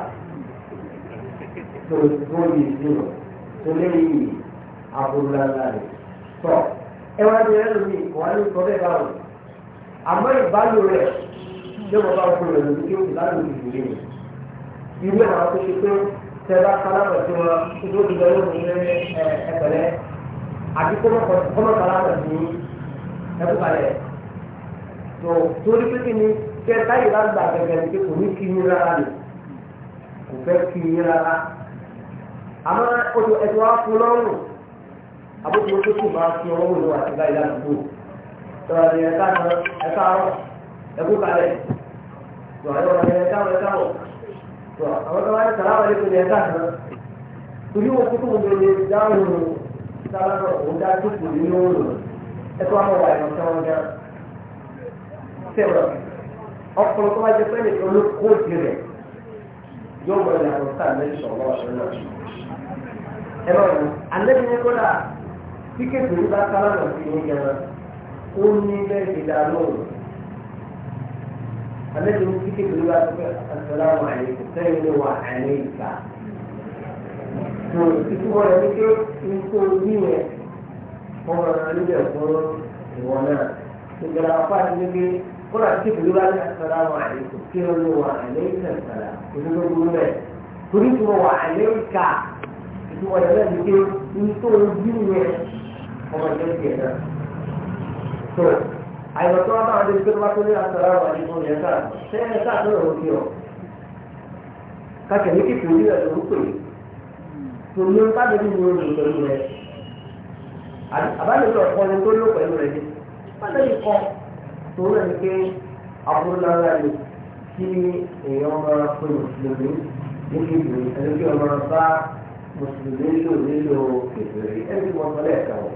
tó tó yìí sí wọn tó léyìí àbúrúláńlá rẹ̀ tọ́ ẹ wá ní ẹ̀rọ mi wà ní sọ bẹ́ẹ̀ báwọn àmọ́ ìbálò rẹ̀ ṣé wọ́n bá fún ẹ̀rọ mi kí ó sì láti ìdílé mi ìwé àwọn tó pé tẹ bá kálámọ̀ sí wọn tó tó ti lọ lóhùn ní ẹ̀ẹ́dẹ̀rẹ́ àti kọ́mọ́kàlá náà ní ẹkú balẹ̀ tó torí pé kí ni kẹ táyì bá gbà gẹ́gẹ́ ni pé kò ní kí ní rárá ni kò fẹ́ kí ní rárá àmọ́ oṣù ẹ̀tọ́ wa fún lọ́rùn àbókù tó kù bá fi ọwọ́ wò lọ́wọ́ àti báyìí ládùúgbò tọ́lá ni ẹ̀ka náà ẹ̀ka ọ̀ ẹkú balẹ̀ tó àyọ̀ wọn ni ẹ̀ka ọ̀ ẹ̀ka àwọn tó wá ní sàlámà ní kò ní ẹ̀ka náà torí wọn kúkú mo lè dáhùn sábàbọ̀ òun dá jókòó nínú òòrùn ẹ̀kọ́ àwọn ọ̀wà ìrọ̀sẹ̀ wọn gan. sẹ́wọ̀n ọkùnrin tó bá jẹ pé nìkan ló kó di rẹ̀ yóò mọ ìyàtọ̀ sáà lẹ́yìn sọ̀rọ̀ ọ̀sẹ̀ náà. ẹ lọ rẹ alẹ́bìnrin kọ́dà tí kékeré bá sábàbọ̀ sí ní gan ó ní bẹ́ẹ̀ ti dá lóòrùn. alẹ́bìnrin tí kékeré bá sọ pé àtàlà wà ní ìtumọ̀ rẹ̀ ní pé ikú níwẹ̀ wọ́n máa ń lè fún ìwọ náà ìgbàlá apá ti ní pé wọ́n náà ti bìlú láti àtàrà wọn àìkú kí wọ́n ní wọn àìlẹ́yìn àtàrà ìdúgbò rẹ̀ torí tí wọ́n wà àìlẹ́yìn ká ìtumọ̀ rẹ̀ náà ní pé ikú níwẹ̀ ọmọ ìjọba ìjẹ náà. tó àyọ̀tọ́ wọn náà lè gbé wọn tó ní àtàrà wọn àìkú yẹn ká sẹ́yìn ká tó rọ̀ tòun ló ń bá bẹ́ẹ̀ ní omi pẹ̀lú rẹ̀ àbálòpọ̀ ọ̀pọ̀ ni tó lò pẹ̀lú rẹ̀ ni pàtẹ́yì kọ́ tòun rẹ̀ ni pé àbúrò lára lè kí èèyàn máa pe mùsùlùmí ní kébìrì ẹni kí ọmọ bá mùsùlùmí lò nílò kébìrì ẹni tí wọ́n sọ lẹ́ẹ̀kan o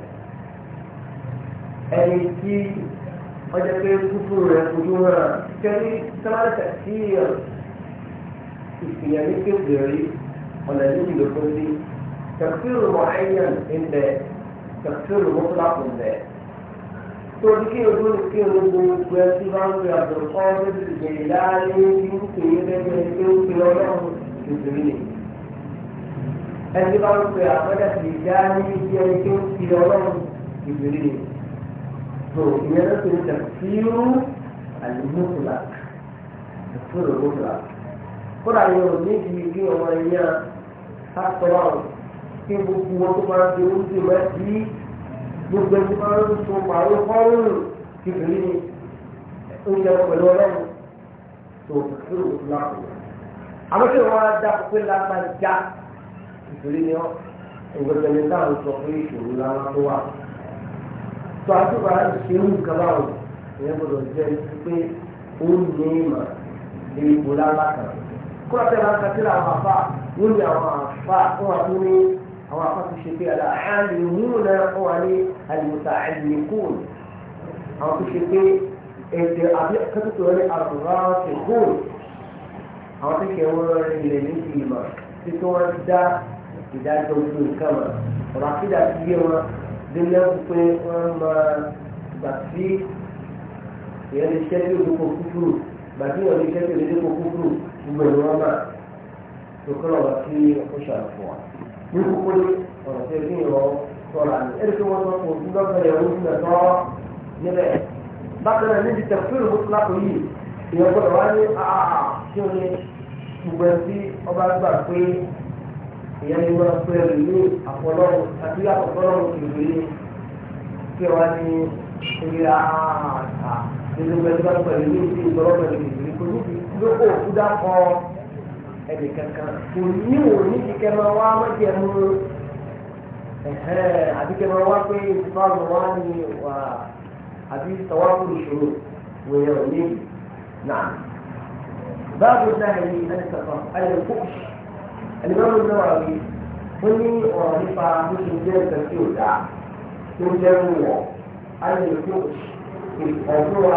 ẹni tí wọ́n jẹ́ pé kúkú rẹ̀ fojú hàn kẹ́ni sábà tẹ̀síyàn ìfìyà ní kébìrì. ونزيد لكل تكفير معين عند تكفير مطلق عند تذكير تذكير ويتبعون عبد القادر الجيلاني يمكن يمكن يمكن يمكن ẹni bá ń pe àpẹẹrẹ ti dá ní ibi ẹni tó ń fi ọlọ́run ìbéèrè ni tó ìyẹn ló ti ń tẹ̀ fíìrù àlùmọ́tòlá ìfúrò mọ́tòlá kódà yẹn ò ní ibi kí ọmọ ẹ̀yà sátọ́lá ò kí gbogbo wọn tó máa ń di oúnjẹ máa di gbogbo ẹni máa ń so pàrọ̀ fọ́ọ̀rù kìkìrì ni oúnjẹ pẹ̀lú ọlọ́run tó kí o lápò. àwọn tí wọn á dá pé lágbájá kìkìrì ni ọ ìgbésẹ̀ ní táwọn sọ pé ìṣòro làwọn tó wà. tó a tó bá a ṣe ń kaba o ìyẹn gbọdọ̀ jẹ́ pé ó ní ìmọ̀ ní ipò lálákàtà kúrò tẹ̀ máa ń kàtíra àwọn àfa wọ́n ní àwọn àfa wọ́n wà tún ní àwọn àfa tó ṣe pé àlà àlè múnà wọ́n wà ní àlùmọ̀tà àlùmíkùn àwọn tó ṣe pé èdè àbí kẹ́tùtù rẹ̀ àbúrò ṣèkùn àwọn tó ṣe wọ́n rẹ̀ ilẹ̀ ní ìmọ̀ tí tó wọ́n dá ìdájọ́ ojú nǹkan mọ̀ ọ̀rọ̀ àkídà ti yé wọn délé pé wọ́n máa gbà sí ìyẹn lè ṣẹ́jú ìdókòó kúkúrú gbàdúrà lè ṣẹ́jú ìdókòó kúkúrú gbogbo ẹ̀rọ wọn náà tó kọ́ lọ́wọ́ sí ọ̀ṣọ́ àfọ̀ wa ní kókó ní ọ̀rọ̀ tó kí ìrọ̀ sọ̀rọ̀ àná ẹ̀rí tó wọ́n sọ fún òfin lọ́sọ̀rọ̀ ẹ̀rọ ìgbà tó níbẹ̀ bákan náà níbi tẹ̀kúrò bó ti lápò yìí ìyẹn gbọ́dọ̀ wá ní àà kí ni gbogbo ẹ̀ sí ọba gbà pé ìyẹn ni wọ́n pè é ní àfọlọ́run àti àfọlọ́run ìrèlè kí wọ́n ní ìrè àà àà nínú ẹgbẹ́ pẹ̀lú ní ìgbọ́lọ́ pẹ̀lú ìrèlè kò níbi lóko òkú dákọ ẹnì kankan kò ní òní kíkẹ́ máa wá mọ́jẹ́ mú àbíkẹ́ máa wá pé ìfipáàmù wá ní wà àbí tọwọ́pù ìṣòro wòye òní náà. باب النهي عن السفر عن الفحش الإمام النووي قل لي وظيفة مش مجال تنفيذها مجال عن الفحش في الموضوع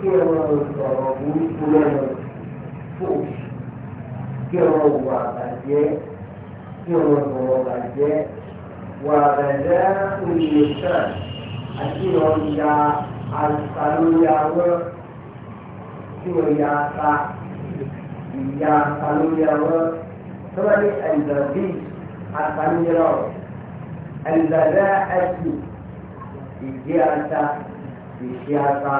في الضرب والسلامة fòs kí ọmọ wà bàjẹ́ kí ọmọ sọ̀rọ̀ bàjẹ́ wà bàjẹ́ òye sàn àti ọ̀ya àtàlóya wọn kí ọ̀ya ta ìyá àtàlóya wọn tọ́lá ní àìdàbí àtàlóya wọn àìdàbí ìdí ata ìṣe ata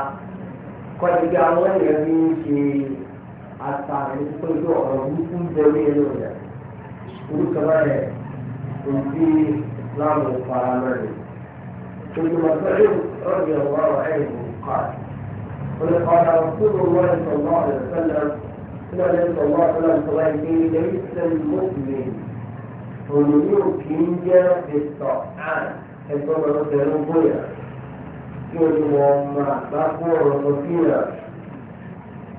kọ́ni bí àwọn èèyàn bí ń ṣe àtàrí pẹ̀lú ọ̀rọ̀ burúkú bẹ̀rù yẹn lórí rẹ̀ orúkọ báyẹn òbí láwọn ìfara mẹ́rin olùmọ̀ pẹ̀lú ọ̀rọ̀ yẹn wà wà ẹ̀yìn kọ́ ولقد رسول الله صلى الله عليه وسلم قال النبي صلى الله عليه وسلم ليس المؤمن ونيوك ينجى بالطعان كما رسول الله يقول اللهم لا قوة ولا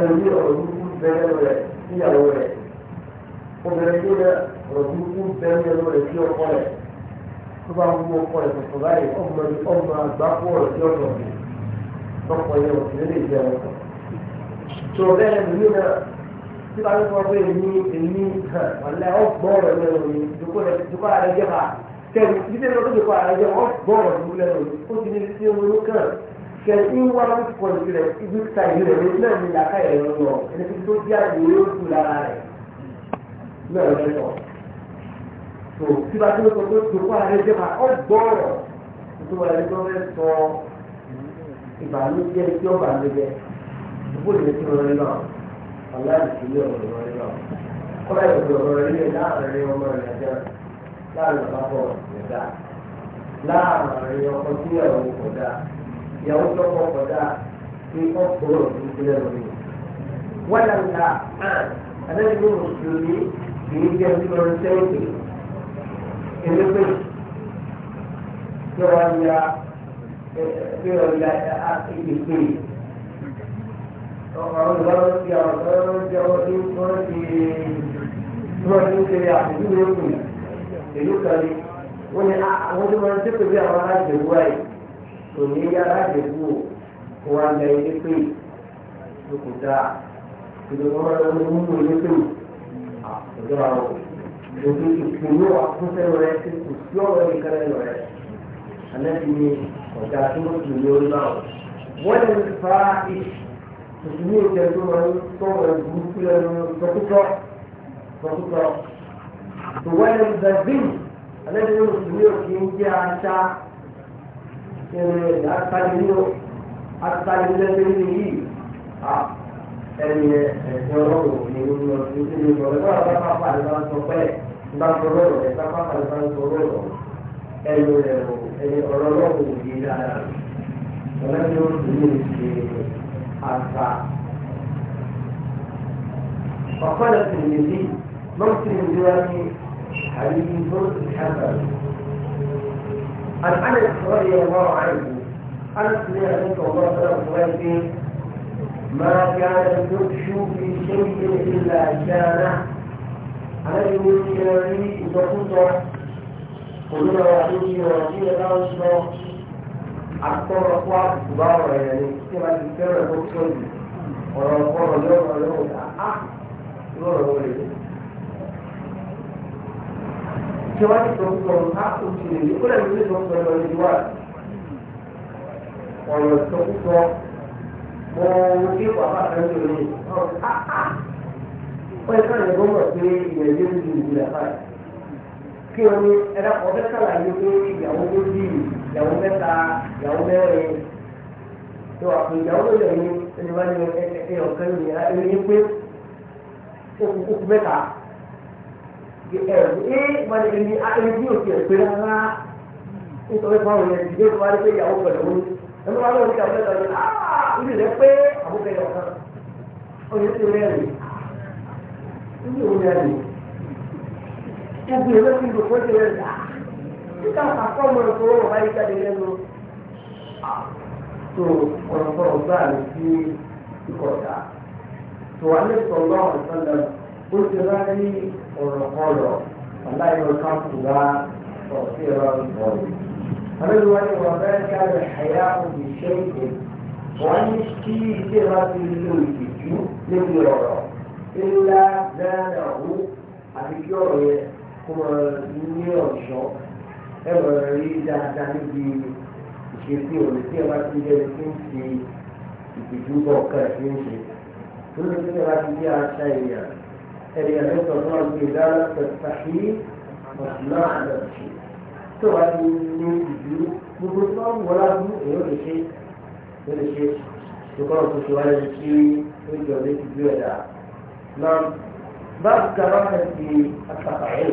ẹlòmí ọ̀rọ̀ burúkú bẹ́ẹ̀ rẹ̀ síyàwó rẹ̀ obìnrin tó rẹ̀ ọ̀rọ̀ burúkú bẹ́ẹ̀ rẹ̀ sí ọkọ rẹ̀ tó bá wú ọkọ rẹ̀ tuntun báyìí ọmọ ọmọ àgbákò ọ̀rọ̀ sí ọ̀dọ̀ mi lọ́kọ yẹn òsì lè jẹ́ wọn. tó bẹ́ẹ̀ ẹlòmí náà tí wàá ní sọ èmi èmi ọ̀lẹ́ ọgbọ́n rẹ̀ lẹ́nu mi dùkọ́ kẹ̀sí ń wá lórí pọ̀jù rẹ̀ ibi ta ìlú rẹ̀ lórí náà ní ìlàkà ẹ̀rọ lọ ẹni tó bí àgbò yóò kú lára rẹ̀ náà lọ́dẹ lọ. tó tí bá tó ń sọ pé tòkó ààrẹ jẹ́ máa ọ́ gbọ́rọ̀ tó wà lẹ́jọ́ rẹ̀ sọ ìbànújẹ́ tí ó bànújẹ́ ìbò lè ti rọrẹ náà aláàbò sí ilé ọ̀rọ̀ rọrẹ náà kọ́lá ìbò rọrẹ ilé láàrin ọmọ rẹ̀ jẹ́ láàrin bàbá bọ̀ ọ̀dà láàrin ọkọ̀ tí ẹ̀rọ ìyàwó tó kọ kọjá kí ọkọ rẹ̀ tó ti lẹ́nu mi. wọ́dà ńlá àdéhùn ní mùsùlùmí kì í jẹ́ ní lọ́rọ́ sẹ́yìn elépe tí wọ́n ya tí wọ́n ya ìpè ọ̀rọ̀ ìlọ́rọ̀ ti àwọn ọ̀rọ̀ ti àwọn tí wọ́n ti wọ́n ti ń ṣe àpèjúwe òkú èlú kan ní wọ́n ní àwọn tí wọ́n ti pèsè àwọn aláìsèwúwa yìí kò ní yára dèbò wọn lẹ ilé pé lókùtà ìdòwò wọn lọ ní mímú ilé pé àkùdọ́ àwọn òbí ìpinnu àkúnfẹ́ rẹ ti kù sí ọ̀rọ̀ ìkẹrẹ rẹ alẹ́bí ni ọ̀gá tó ń sùn ní orí náà wọ́n lè fa ìṣùnú ìjẹ tó máa ń sọ̀rọ̀ burúkú lẹ́nu sọ́kútọ́ sọ́kútọ́ tòwọ́ lè bẹ̀rẹ̀ bí alẹ́bí ni ìṣùnú ìjẹ ń jẹ́ aṣá àtàlẹ́yìn àtàlẹ́yìn yìí ẹni ẹ̀sìn ọlọ́run ní orí ọdún tí ó lọ lọ́wọ́ bá pápá ní bá ń sọ pé bá ń sọ lọ́rọ̀ ẹ̀ bá pápá ní bá ń sọ lọ́rọ̀ ẹni rẹ̀ o ẹni ọ̀rọ̀ lọ́rùn ò yé dáadáa ọlọ́run ó sì ní ṣe àṣà. ọ̀pọ̀ ẹ̀sìn tìrìmìtì mọ́tìrìmìtì wá ní àyè ìfọ́sìn عن انس رضي الله عنه انس بن ابي الله ما كان النبش في شيء الا كان عليه من شرعي وخطر قلنا وعدوني ورسول الله أكثر àtọ́rọ fún يعني ọ̀rọ̀ ẹ̀yẹ ni tí wọ́n ti fẹ́ràn tó tóbi ọ̀rọ̀ ọ̀rọ̀ tí wọ́n ti sọ sọ á kò sí lè yí kúrẹ́ lórí sọ sọ lọ yìí wá ọ̀rọ̀ sọ sọ mo dé bàbá kan tó lè wọ́n ìka lè gbọ́dọ̀ pé ìyẹn yóò di ìlú ẹ̀fà kí wọ́n ní ẹ̀dá ọ̀fẹ́ sàlàyé pé ìyàwó tó di ìyàwó mẹ́ta ìyàwó mẹ́rin tó àpò ìyàwó tó lè ní ẹni wá ní ẹ̀ẹ́dẹ̀ẹ́dẹ́ ọ̀kan ní ẹ̀ẹ́dẹ́ pé ó kú mẹ́ta ẹ̀rù ẹ́ wọ́n lè ní ẹni òkè ẹ̀pẹ́ rárá nítorí fáwọn yẹn ìdílé tó wá rí pé ìyàwó pẹ̀lú wọn ẹni wọn lọ́wọ́ níta ọ̀gbẹ́ta ọ̀gbẹ́ta ìlú rẹ̀ ah, pé àbúkẹ́ yọ̀ kan ọ̀yẹ́ ti rẹ́rìn ìlú òun rẹ́rìn ẹbí rẹ̀ ti lò fún ti rẹ́rìn títà ah, àkọ́ mọ̀ ẹ̀kọ́ wọn bá yí jáde lẹ́nu tó ah, ọ̀rọ̀kọ̀rọ̀ gbà mí sí ìkọ̀ọ̀dà tó wà ní sọ̀rọ̀ ọ̀sán lẹ́nu ó ti rá ní ọ̀rọ̀kọ̀rọ̀ aláìlọ́kàn kùrá ọ̀sí ẹ̀rọ ìbọ̀rọ̀. Àlejò wa ni wọ́n fẹ́ kárẹ̀ àyà òbí ṣe ìpè. Wọ́n ní kí ilé wa ti lo ìtìjú níbi ọ̀rọ̀. Ńlá dáná ọ̀hú àti kí ọ̀rọ̀ yẹ kó máa ní ọ̀ṣọ́. Ẹ bọ̀rọ̀ rí dáadáa níbi ìṣesí òní tí ẹ bá ti jẹ́ ti ń ṣe ìtìjú bọ̀ kẹ́ẹ̀ fi ń ṣe. Lórí tí ẹ bá ti jẹ́ àṣà ìyàn ẹ̀rí ẹ̀fẹ́sọ̀ fún àgbèdá tẹ̀sàkì ọ̀sùnà àdàbìṣe tó wà ní ní ìlú gbogbo tí wọ́n wọ́n lábú èyí ò lè ṣe ó lè ṣe ṣùgbọ́n òkú ṣe wáyé ní kí ó jọ lé ìlú ẹ̀dá náà báàbù kaba kan ti àtàkàyè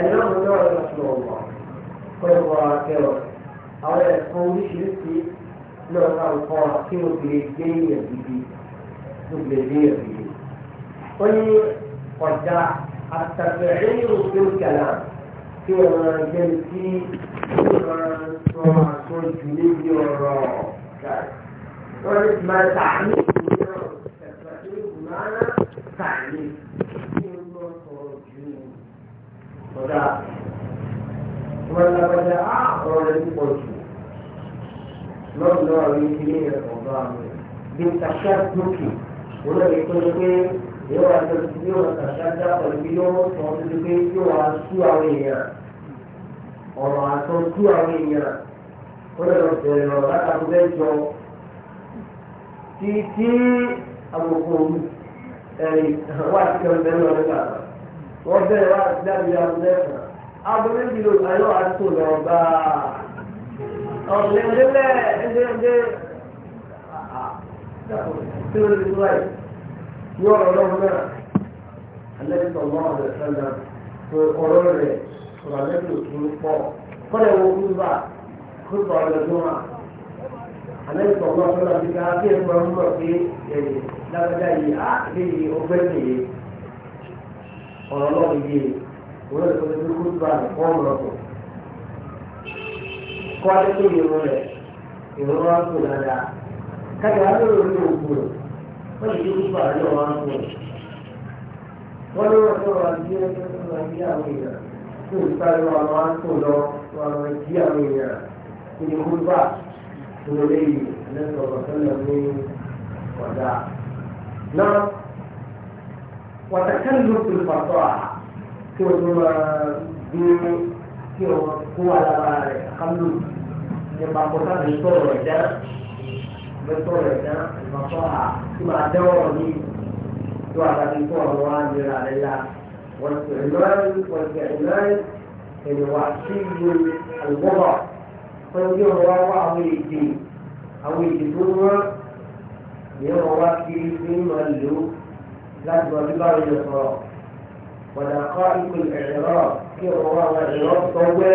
ẹ̀yọ́ mi náà lọ sí ọ̀wọ́ kọ́lẹ̀ kọ́ akẹ́rọ̀ àwọn ẹ̀kọ́ oríṣiríṣi náà náà kọ́ kí o lè gbé yẹn bíbí o lè gbé yẹn bíbí. قل قد التبعير في الكلام في جلسي في جلدي والراء قلت ما تعليق التبعير بمعنى تعليق ولا بدا ولا يقول لو لو يمكن ان بالتشبك ولا يقول yóò wá tó yóò wá kàṣáṣá pẹ̀lú bí yóò sọ ọ́ tuntun pé yóò wá sú àwọn èèyàn ọ̀rọ̀ àtọ́ sú àwọn èèyàn ó lè lọ bẹ̀rẹ̀ lọ látàkó bẹ́ẹ̀ jọ tí tí àbùkù ẹ̀rì wà sí kan bẹ́ẹ̀ lọ nígbà wọ́n bẹ̀rẹ̀ wá sí àbí abúlé kan abúlé yìí ló ayọ́ àtò lọ bá ọ̀rẹ́ ẹ̀dẹ́ bẹ́ẹ̀ ẹ̀dẹ́ ẹ̀dẹ́ tí ó lè tó báyìí ní ọ̀rọ̀ náà alẹ́bí tọ̀gbọ́n ọ̀rẹ́ tó ọ̀rọ̀ rẹ̀ sọ̀rọ̀ alẹ́bí òkú pọ̀ kọ́lẹ̀ kúrúbà kúrúbà ọ̀rẹ́ tó hàn alẹ́bí tọ̀gbọ́n sọ̀rọ̀ àti ká kí ẹ̀ máa ń mọ̀ pé ẹ̀yìn á lè ọgbẹ́ wọ́n lè dúró gbà lọ wá ń pọ̀ wọ́n lọ́wọ́ tó wà bí ẹgbẹ́ tó wà bí àwọn èèyàn tó ń sáré wà lọ́wọ́ ń pọ̀ lọ wà lọ́wọ́ bí àwọn èèyàn tó ní kó bá tó lé yìí lẹ́sọ̀ ọ̀sẹ̀lẹ̀ ní ọ̀dà náà wàtàkẹ́ ló ti pàtó à kí o tó máa gbé kí o kó wà lára rẹ̀ kámú nípa kó sábẹ̀ sọ̀rọ̀ ẹ̀dá lọ́tọ̀ rẹ̀ dán ìmọ̀tọ́ à tí máa dẹ́wọ̀ ní tó àgbàdo fún ọ̀rọ̀ wa ń lera rẹ̀ la wọ́n ti ìlọrin wọ́n ti ìlọrin ènìwà sí ìlú àlùbọ́bọ̀ fún bí ọ̀rọ̀ wa wá àwọn èdè àwọn èdè tó wọ́n ní ọ̀rọ̀ wa kiri ní ìmọ̀ ìlú láti wọ́n bí báwo yẹ sọ̀rọ̀ wọ́n dà kọ́ ikú ìrẹ̀rọ̀ kí ọ̀rọ̀ wa wà ìrọ̀ sọ́wẹ́.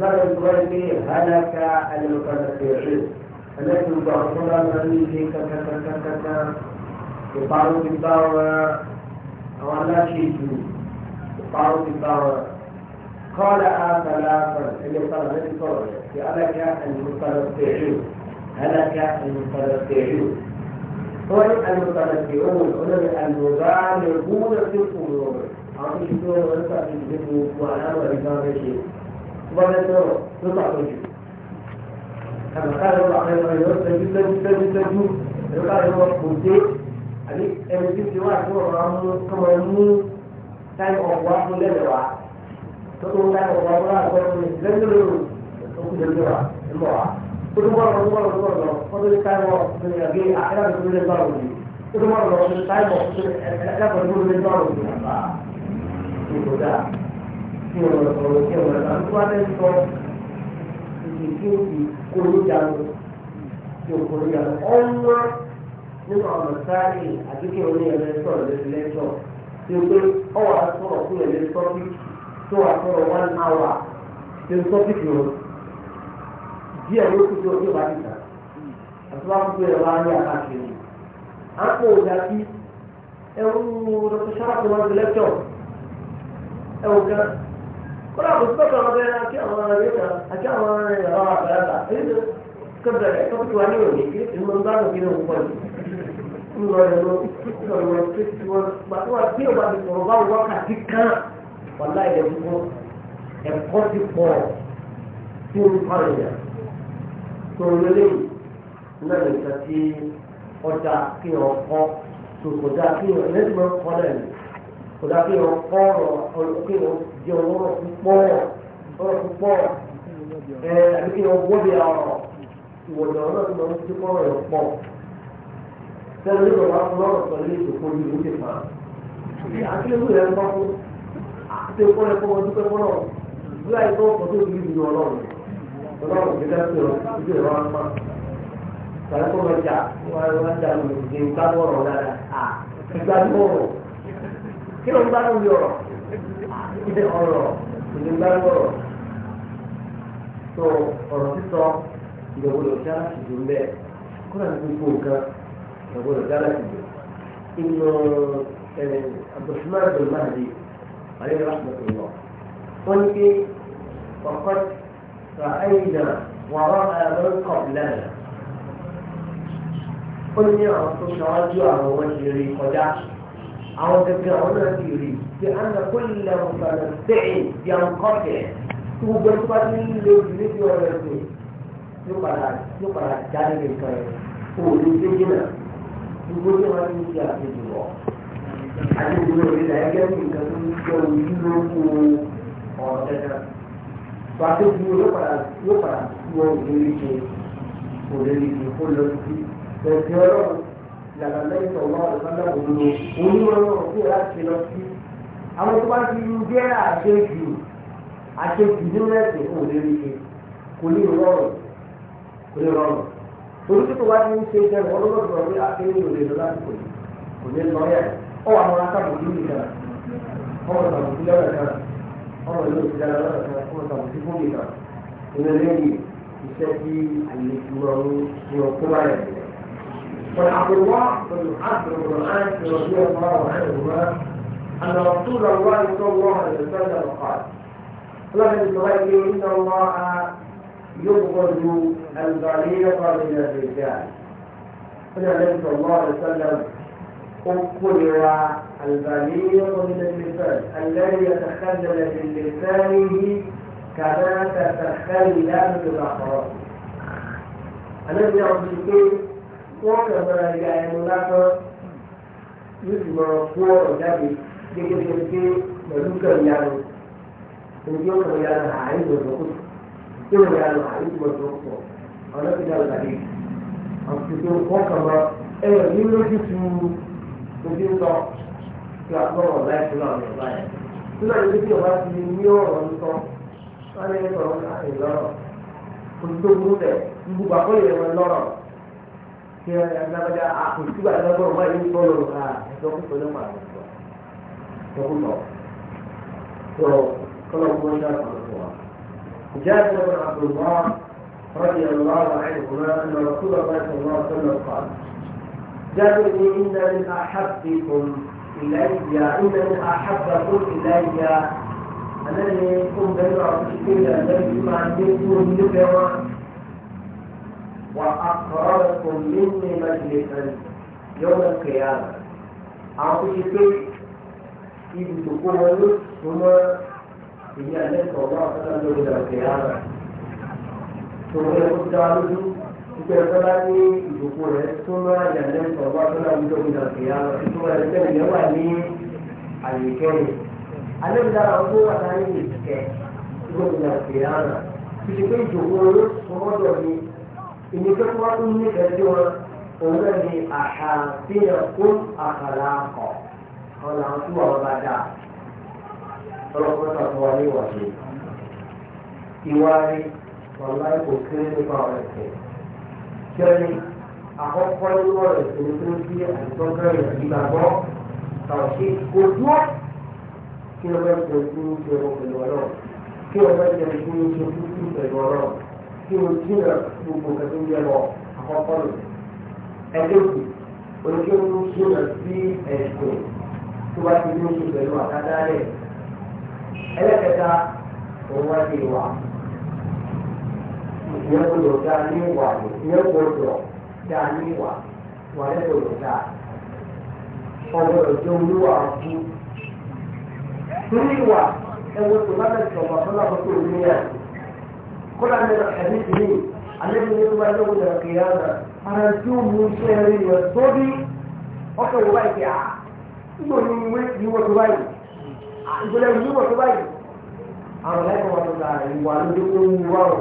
لا يقول هلك المتنفعين التي تعطونا مريض كككككك يطاروا بالدعوة ولا شيء يطاروا بالدعوة قال ثلاثا اللي صار الذي صار هلك المتنفعين هلك المتنفعين هو المتنفعون هنا المبالغون في الأمور أعطيك دور ونسأل في الجسم وأنا أريد أن bá fẹ́ sọ̀rọ̀ ló sàkójú. àgbàkárẹ̀ wọ àwọn ẹ̀rọ ìrọ̀ tẹ́jú tẹ́jú tẹ́jú tẹ́jú ẹ̀rọ kárẹ̀ wọ kò dé àbí ẹni tí ti wá àti ọ̀rọ̀ amú kọ́mọ ẹ̀mú táyì ọ̀gbọ́n fún lẹ́lẹ̀ wá tó tó ń táyì ọ̀gbọ́n fún àgbọ̀n fún lẹ́lẹ̀ lóru tó kù lẹ́lẹ̀ wá ẹ̀mọ́ wá tó tó bọ́ ọ̀rọ̀ tó bọ́ ọ̀rọ̀ tó bọ́ ọ̀rọ̀ táyì wọ́n fún ẹ̀yà gé àkẹ́rẹ́ àti ìdílé bá òbí tó tó bọ́ ọ̀rọ̀ táyì wọ́n fún ẹ̀yà gé àkẹ́rẹ́ àti ìdílé bá òbí tí ọ̀rọ̀ ọ̀rọ̀ tí ọ̀rọ̀ àti wá fẹ́ sọ ìdí tí ó fi kóró jáde tí ó kóró jáde ọ̀nà nínú ọ̀nà sáré àti kí òun ní ẹ̀rẹ́ sọ̀rọ̀ lórí lẹ́tọ̀ tí ó pé ọ̀wà sọ̀rọ̀ fún ẹ̀rẹ́ tọ́pìkì tó wà sọ̀rọ̀ one hour tí ó tọ́pìkì o díẹ̀ ló kú tó o tí o bá ti tà àti wá fún ẹ̀rọ ayé àkàkiri àpò òdàbí ẹ̀rù rẹ̀ ṣáà kọ́lá kò sí tọ́ka ọmọdé àti àwọn ọmọ rẹ̀ àti àwọn ọmọ rẹ̀ àwọn àgbàlagbà èyí tó kẹbẹ̀rẹ̀ ẹ̀ tó ti wà ní òní kí ni mo ń bá náà púpọ̀ jù ń lọ rẹ̀ lọ sọ̀rọ̀ wọn pàtó wa bí ọba ti sọ̀rọ̀ bá wákàtí kan wàlá ilẹ̀ fúnfún ẹ̀kọ́ ti pọ̀ tí ó ń fa ìyà tó ń lélẹ̀ náà nìkan kò kí wọn kọ́ ọ̀rọ̀ kí wọn jẹ ọ̀rọ̀ púpọ̀ ọ̀rọ̀ púpọ̀ ẹ àbí kí wọn wọ́dẹ̀ ọ̀rọ̀ ìwọ̀dọ̀ náà ti máa ń tí kọ́ ọ̀rọ̀ pọ̀ sẹ́nu wà fún ọ̀rọ̀ sọ ilé ìdòkó ní ìlú ìfà àkíyèsí rẹ̀ ń bá fún àti ìkọ́ rẹ̀ fọwọ́ dúpẹ́ fún náà bí láì tó ọkọ̀ tó ti di ọlọ́run ọlọ́run ti dẹ́sẹ̀ ọ ìdí ìrọ̀ àpá sàrẹ́kọ̀ọ́ mẹ́ta wọ́n á jà lóde ìgbàgbọ́ ọ̀rọ̀ dáadáa ìgbàgbọ́ ọ̀rọ̀ kí ló ń bá lórí ọ̀rọ̀ ibẹ̀ ọ̀rọ̀ ìlú ń bá lórí ọ̀rọ̀ tó ọ̀rọ̀ sísọ ìgbàgbọ́dọ̀ já ìdò ń bẹ̀ kúrò ní gbogbo nǹkan ìgbàgbọ́dọ̀ já ìdò inú Abdulrahman bin Mahdi alayhi rahmatullah wọ́n ní pé ọ̀kọ́ ra'ayna wa ra'a man qablana ó ní àwọn tó ṣáájú àwọn wọn ti rí kọjá. àwọn gẹ́gẹ́ àwọn náà ti rí pé a nà kó ilẹ̀ òǹkàlẹ̀ sẹ́yìn bí a ń kọ́kẹ́ tí gbogbo ẹni bá ti ń lo ìdílé bí ọ̀rọ̀ ẹ̀sìn yóò padà yóò padà jáde nìkan ẹ̀ kó o lè dé jìnnà gbogbo tí wọ́n ti ń ṣe àtẹ̀jù lọ. àti ìdílé òní là ẹgbẹ́ mi nǹkan tó ń jọ òní ló kú ọ̀rọ̀ tẹ́tẹ́. pàṣẹ yóò padà yóò padà wọ òní rí ṣe òní kó lọ sí ẹ̀sìn ọlọ́run ìlànà lẹ́yìn tọ̀wọ́ ọ̀sánlẹ̀ òdodo oníwọ̀n òfin láti lọ sí. àwọn tó bá ti ń jẹ́ àṣejù àṣejù nínú ẹ̀sìn fún òde rí kò ní rọrùn kò ní rọrùn. torí tó wá ti ṣe jẹ́ wọn lọ́wọ́ sọ̀rọ̀ pé akéwì òde lọ láti kò kò ní lọ yẹ ọ wà mọ́ra sábòjú nìkan ọmọ sàbòjú lọ́rẹ̀ kan ọmọ ìlú òṣìṣẹ́ lọ́rẹ̀ kan ọmọ sàbòjú fún nìkan ìrẹ̀lẹ́yìn iṣẹ́ tí àyè فعبد الله بن عبد الرحمن رضي الله عنهما أن رسول الله صلى الله عليه وسلم قال لكن تغير إن الله يبغض الغليظ من الرجال النبي صلى الله عليه وسلم أكل الغليظ من اللسان الذي يتخلل بلسانه لسانه كما تتخلل من بقرته الذي يعطيك wọ́n kàn máa ya ẹnu lásán yóò sì máa fún ọ̀rọ̀ jáde gẹ́gẹ́ bí pẹ̀lú kàn ya lọ èyí ó kàn ya lọ àárín ìgbọ̀nsọ̀ kò tí ó ya lọ àárín ìgbọ̀nsọ̀ pọ̀ ọ̀nà ti dá ọ̀gá dé àti tó wọ́n kàn máa ẹ̀yọ̀ ní lójú tu ojú ń tọ́ kí a gbọ́ ọ̀rọ̀ láì fún àwọn ọ̀gá yẹn nígbà tó ti ọba ti ní ọ̀rọ̀ ń tọ́ wọ́n á ní ọ̀rọ̀ ń lọ́rọ̀ kò tó burú bẹ̀ gbogbo àkọ́yẹ̀ wọn lọ́rọ̀ ṣe alágbádá جابر بن عبد الله رضي الله عنهما ان رسول الله صلى الله عليه وسلم قال جابر ان من احبكم الي ان من احبكم الي انني كنت بين عبد الشيخ الذي يسمع النبي يقول وأقربكم مني مجلسا يوم القيامة أعطي شيء إذ تكون ثم هي أن الله تعالى يوم القيامة ثم يقول تعالى ìgbẹ́sọ́lá ní ìdòkó rẹ̀ tó máa yàgbẹ́ sọ̀rọ̀ sọ́lá ìjọ ìdàgbéyà tó rẹ̀ tẹ́lẹ̀ yẹn wà ní àyè kẹ́yìn. alẹ́bùdá àwọn wà láyé ìkẹ́ ìjọ ìdàgbéyà rẹ̀ fi ṣe pé ìdòkó rẹ̀ sọ́mọ́dọ̀ ni ìníkẹ́ tó wá tó ní ìfẹ́jú wọn òun náà ni àṣàfihàn fún àkàlà akọ̀ àwọn làwọn tí wọn bá dà ọlọ́pàá tó wà ní ìwọ̀sẹ̀ ìwárí wọn láì kò kéré nípa ọ̀rẹ́ tẹ̀ kẹ́ni àkọ́kọ́ nínú ọ̀rẹ́ tó ń tó ń fi àìsàn bẹ̀rẹ̀ ìgbàgbọ́ kàwé ṣe kò dúró kí ọmọ ìjẹun tó ń ṣe ọmọ pẹ̀lú kí ọmọ ìjẹun tó ń ṣe kúkú pẹ̀lú ọlọ́run kí o jìnnà gbogbo kẹtù ń yẹ lọ àkọ́kọ́ nù ẹlẹ́kù oníkẹ́ ń jìnnà sí ẹ̀sìn tó bá ti ní oṣù pẹ̀lú àdáda rẹ̀ ẹlẹ́kẹta òun wá sí ìwà ìyẹn kò lọ dáa ní ìwà ni ìyẹn kò lọ dáa ní ìwà wà lẹ́kọ̀ọ́ lọ dáa ọ̀rọ̀ ìjọ olúwa ọ̀dún. Torí ìwà ẹ̀wọ̀n tó bá bẹ̀rẹ̀ fún àkókò ìlú kódà ní ẹ̀dí ti ní alẹ́bí ní ọba ẹgbẹ́ òjò kìíyà náà ara tí ó mú iṣẹ́ rí rẹ̀ tóbi ọkọ̀ wọ báyìí kìá nígbà ní ìwé ní wọ́n tó báyìí ìgbẹ́lẹ̀ ní wọ́n tó báyìí àwọn ẹ̀kọ́ wọn tó dáa ìwà lójú ó ń wá o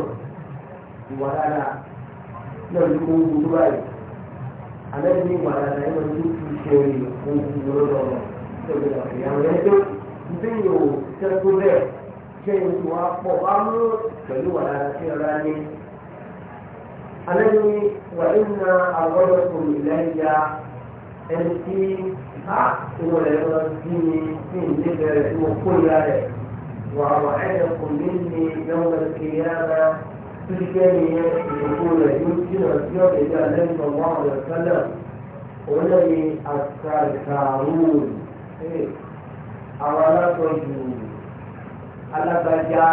ìwà dáadáa náà ní kó wù tó báyìí alẹ́bí ìwà dáadáa ẹ̀rọ tó ti ṣe rí ohun ìgbòho lọ́wọ́ jẹ́ ìlú wa pọ̀ wá mú pẹ̀lú wà láti ọ̀la ní. Alẹ́ni wà nínú àwọn ọ̀sùn ìlẹ́yà ẹni tí a ìwọ̀ rẹ̀ lọ sí ni sí ìdí bẹ̀rẹ̀ tí mo kó ìyá rẹ̀. Wà wà ẹ̀yẹ kò ní ní ìyọ̀wọ̀ ìkìyàrá tó ti fẹ́ ní ìdókòwò rẹ̀ yóò jìnà sí ọ̀dẹ̀ bí alẹ́ ní ọmọ ọ̀rẹ́ sálẹ̀. Òun náà ni àkàkàrú àwọn alákọ̀ọ́ ìdùnnú. alágbájá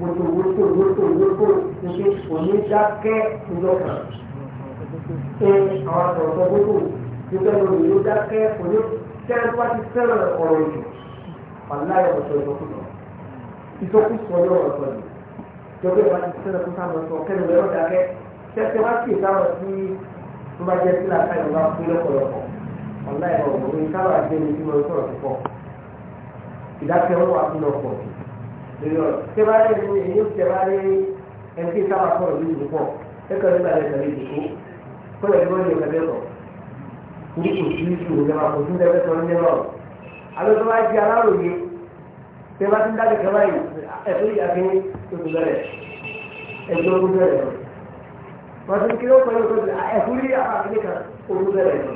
wótòwótò wótòwótò níbi onídákẹ́ ńlọ́kàn ṣe àwọn àtọ̀rọ̀tọ̀ wótò nígbà tó ní onídákẹ́ oní tẹ́lifá ti fẹ́ràn ọ̀rọ̀ yìí ọ̀láyọ̀ ọ̀tọ̀ ìsọkúsọ ìsọkúsọ yóò ọ̀tọ̀ yìí jọba ìwà ti fẹ́ràn kó sáà lọ́sọ̀ kẹ́lẹ́ ìwé ọ̀dà kẹ́ tẹ́tẹ́ wá sí ìtàwọn tí tó bá jẹ́ sílá káyọ̀ bá kú lọ́pọ̀lọpọ̀ ọ̀láyọ̀ ọ̀gbọ̀n que que que ìdákẹ́ wọn wà nínú ọkọ̀ lórí ọ̀rọ̀ tẹ́bárẹ́ ní èyí tẹ́bárẹ́ ẹni tí sábà sọ̀rọ̀ lórí ìdúpọ̀ ẹ̀kọ́ nígbà rẹ̀ tẹ̀lé ìdúpọ̀ kọ́ ẹ̀ lórí ìrẹ̀lẹ̀ lọ ní òsì ìṣù ìjọba kò tún tẹ́lẹ̀ sọ nílẹ̀ lọ. àlọ́ tó bá jẹ́ aláròye tẹ́bá ti ń dájú kẹ́bá yìí ẹ̀fọ́ ìyàfẹ́ tuntun bẹ̀rẹ̀ ẹ̀jọ́ ogun bẹ̀rẹ̀ lọ. wọ́n ti kiri ọkọ̀ yóò o rí àfàkìlẹ̀ kan ogun bẹ̀rẹ̀ lọ.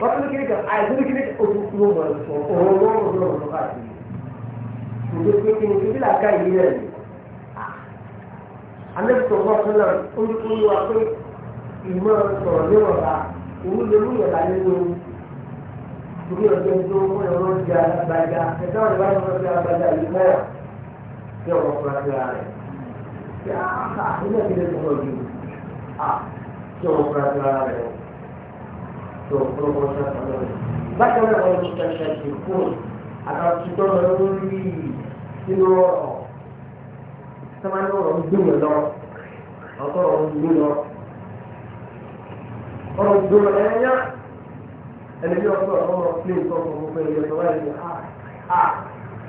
wọ́n ti kiri kan àìsí ǹjẹ́ pé kí ni kí bílà ká yìí rẹ̀ ni alẹ́sọ̀ wọn fún náà ó ní kó ní wa pé ìmọ̀ sọ̀rọ̀ níwọ̀nba òun lè mú ìyàrá nínú torí ọjọ́ tó ń kọ́ ẹ̀rọ di alágbájá ẹ̀dá ọ̀rọ̀ bá yọ̀ di alágbájá yìí náà kí ọ̀rọ̀ fúnra síra rẹ̀ kí áhà nínú ìdílé tó lọ yìí à kí ọ̀rọ̀ fúnra síra rẹ̀ tó ọ̀rọ̀ fúnra síra rẹ̀ bákan náà wọ́n ti nínú ọ̀rọ̀ sábàá ọ̀rọ̀ ń gbóyè lọ ọ̀tọ̀ ọ̀rọ̀ ń gbóyè lọ ọ̀rọ̀ ń gbóyè lọ ẹ̀yà ẹni bí ọ̀tọ̀ ọ̀rọ̀ ọ̀rọ̀ pílé nǹkan ọ̀rọ̀ gbogbo ẹ̀yẹ ọ̀tọ̀ wáyé ni a a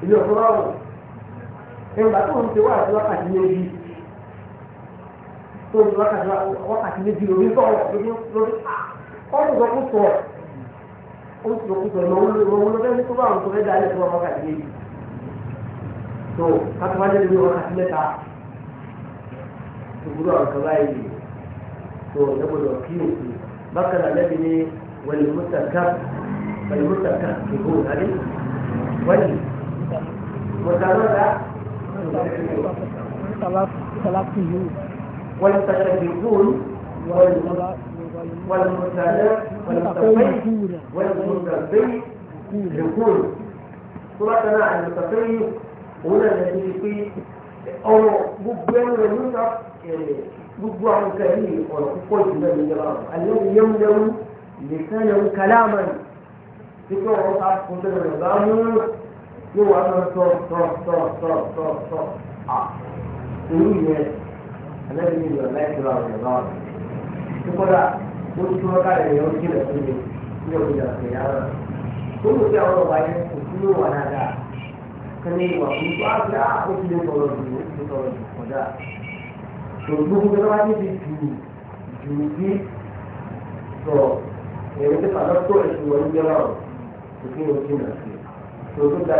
ilé ọ̀tọ̀ wáwò ìgbà tó ń ti wá àti wákàtí méjì tó ń ti wákàtí wákàtí méjì lórí sọ̀rọ̀ lórí ọ̀rọ̀ sọ̀kú sọ̀rọ̀ ó sọ̀kú sọ̀rọ̀ lọ́wọ́ lọ́wọ́ lọ́wọ́ lọ́wọ́ tó kápẹ́wá jẹ́ lórí ọ̀rọ̀ àti mẹ́ta gbogbo àwọn kan báyìí tó lọ́gbọ̀dọ̀ kíyèsí bákan náà lẹ́bi ní wẹ̀lìmùsàkà kìhó lábẹ́ wẹ̀lì mọ̀tàlọ́dà wẹ̀lìmùsàkìhó والمتلاف والمتفين والمتفين يقول ثم تناع المتفين òun náà lè fi pé ọ̀rọ̀ gbogbo ẹnu rẹ̀ nígbà gbogbo àwọn nǹkan yìí ọ̀rọ̀ púpọ̀ jù náà níjọba àwọn àlẹ́ yẹn lẹ́wọ́ lè sẹ́yìn ẹ̀wọ́ kálámà ni títí ọ̀rọ̀ bá fún bẹ́ẹ̀ rẹ̀ bá mú yóò wá lọ sọ sọ sọ sọ sọ sọ à èyí yẹn alẹ́ mi lọ láìpẹ́ lọ àwọn ẹ̀rọ àwọn kíkọ́dà ó ti túnbọ̀ káàdì ẹ̀yọ́ jìnà fún mi ní òkè kan ní ìwà fún wa bí a ó ti lè sọ̀rọ̀ jù ó ti sọ̀rọ̀ jù kọjá ṣògbó gbogbo tó bá ní ti jù jù sí sọ èrè tó kàdá tó ẹ̀sùn wọn jẹ́ wà ó kò sí òkè náà sí tó tó ga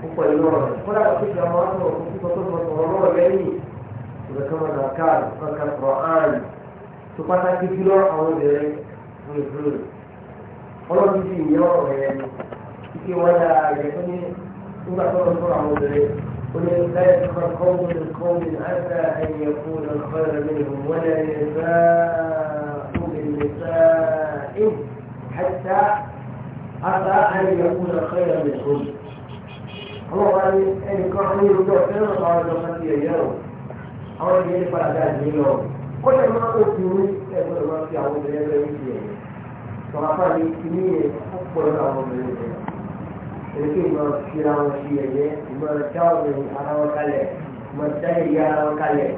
púpọ̀ inú ọ̀rọ̀ kódà kò sí ìjàmbá wọn sọ̀rọ̀ kó sísọ tó sọ sọ̀rọ̀ lọ́rọ̀ lẹ́yìn ìrẹsẹ̀ wọn náà ká kankan kọ̀ tó pàtàkì jùlọ àwọn ọ̀rọ̀ nígbà tó ń fún àwọn obìnrin ó ní láyé tó máa kọ́ wọn kọ́ mi àtà ẹ̀yẹ fún ọ̀pọ̀ ẹ̀rọ mi wọ́n lè lè bá òbí lè bá ẹ̀ àtà àtà ẹ̀yẹ fún ọ̀pọ̀ ẹ̀rọ mi fún mi. àwọn wa ni ẹnì kan ní ìlú náà fẹ́ràn àwọn ọ̀dọ́ kan ti ẹ̀yẹ o àwọn ìdílé ní padà dáa ní lọ ó lè má obìnrin ẹ̀gbọ́n lè má fi àwọn obìnrin ẹgbẹ́ wíjì ẹ̀yẹ. sọ̀rọ̀ èké máa fi ara wọn sí ẹ̀yẹ máa dá ọ̀rẹ́ ara wọn kalẹ̀ máa dá ẹ̀yẹ ara wọn kalẹ̀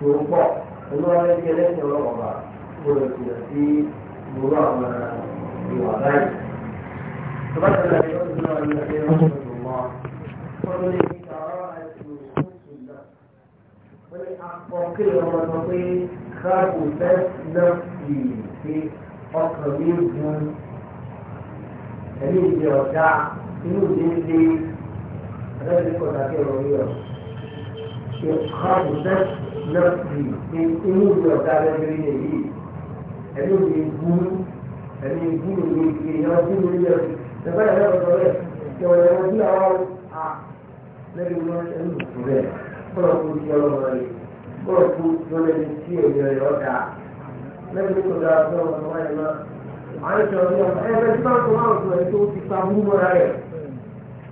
tó ń pọ̀ olúwarẹ̀ ti ẹlẹ́sìn ọlọ́wọ́ bá gbọdọ̀ jìnnà sí gbogbo àwọn ìwà báyìí. Tọ́lá ti lọ sí ọdún náà ní ẹgbẹ́ ọ̀sán tó mọ́. Wọ́n lè fi tààrà àti òkú náà. Wọ́n ní akọ̀kẹ́ ọmọ sọ pé káàbù bẹ́ẹ̀ náà sì تینوں دن کی رج کو ڈاکے ہو گیا کہ خواب دس نفس بھی تینوں دن اٹھارے گری نے بھی ایلو دن بھول ایلو دن بھول دن کی یہاں دن بھولی جب سبا ہے رب رہے کہ وہ یہاں دن آؤ لیکن انہوں نے ایلو بھولے بڑا پھول کیا لوگ رہے بڑا پھول جو نے دن کیا جو نے رہا تھا لیکن انہوں نے رہا تھا وہ سمائے اللہ آئے چاہتے ہیں اے میں سمائے کو آؤ تو ہے تو اس کی سامو مرائے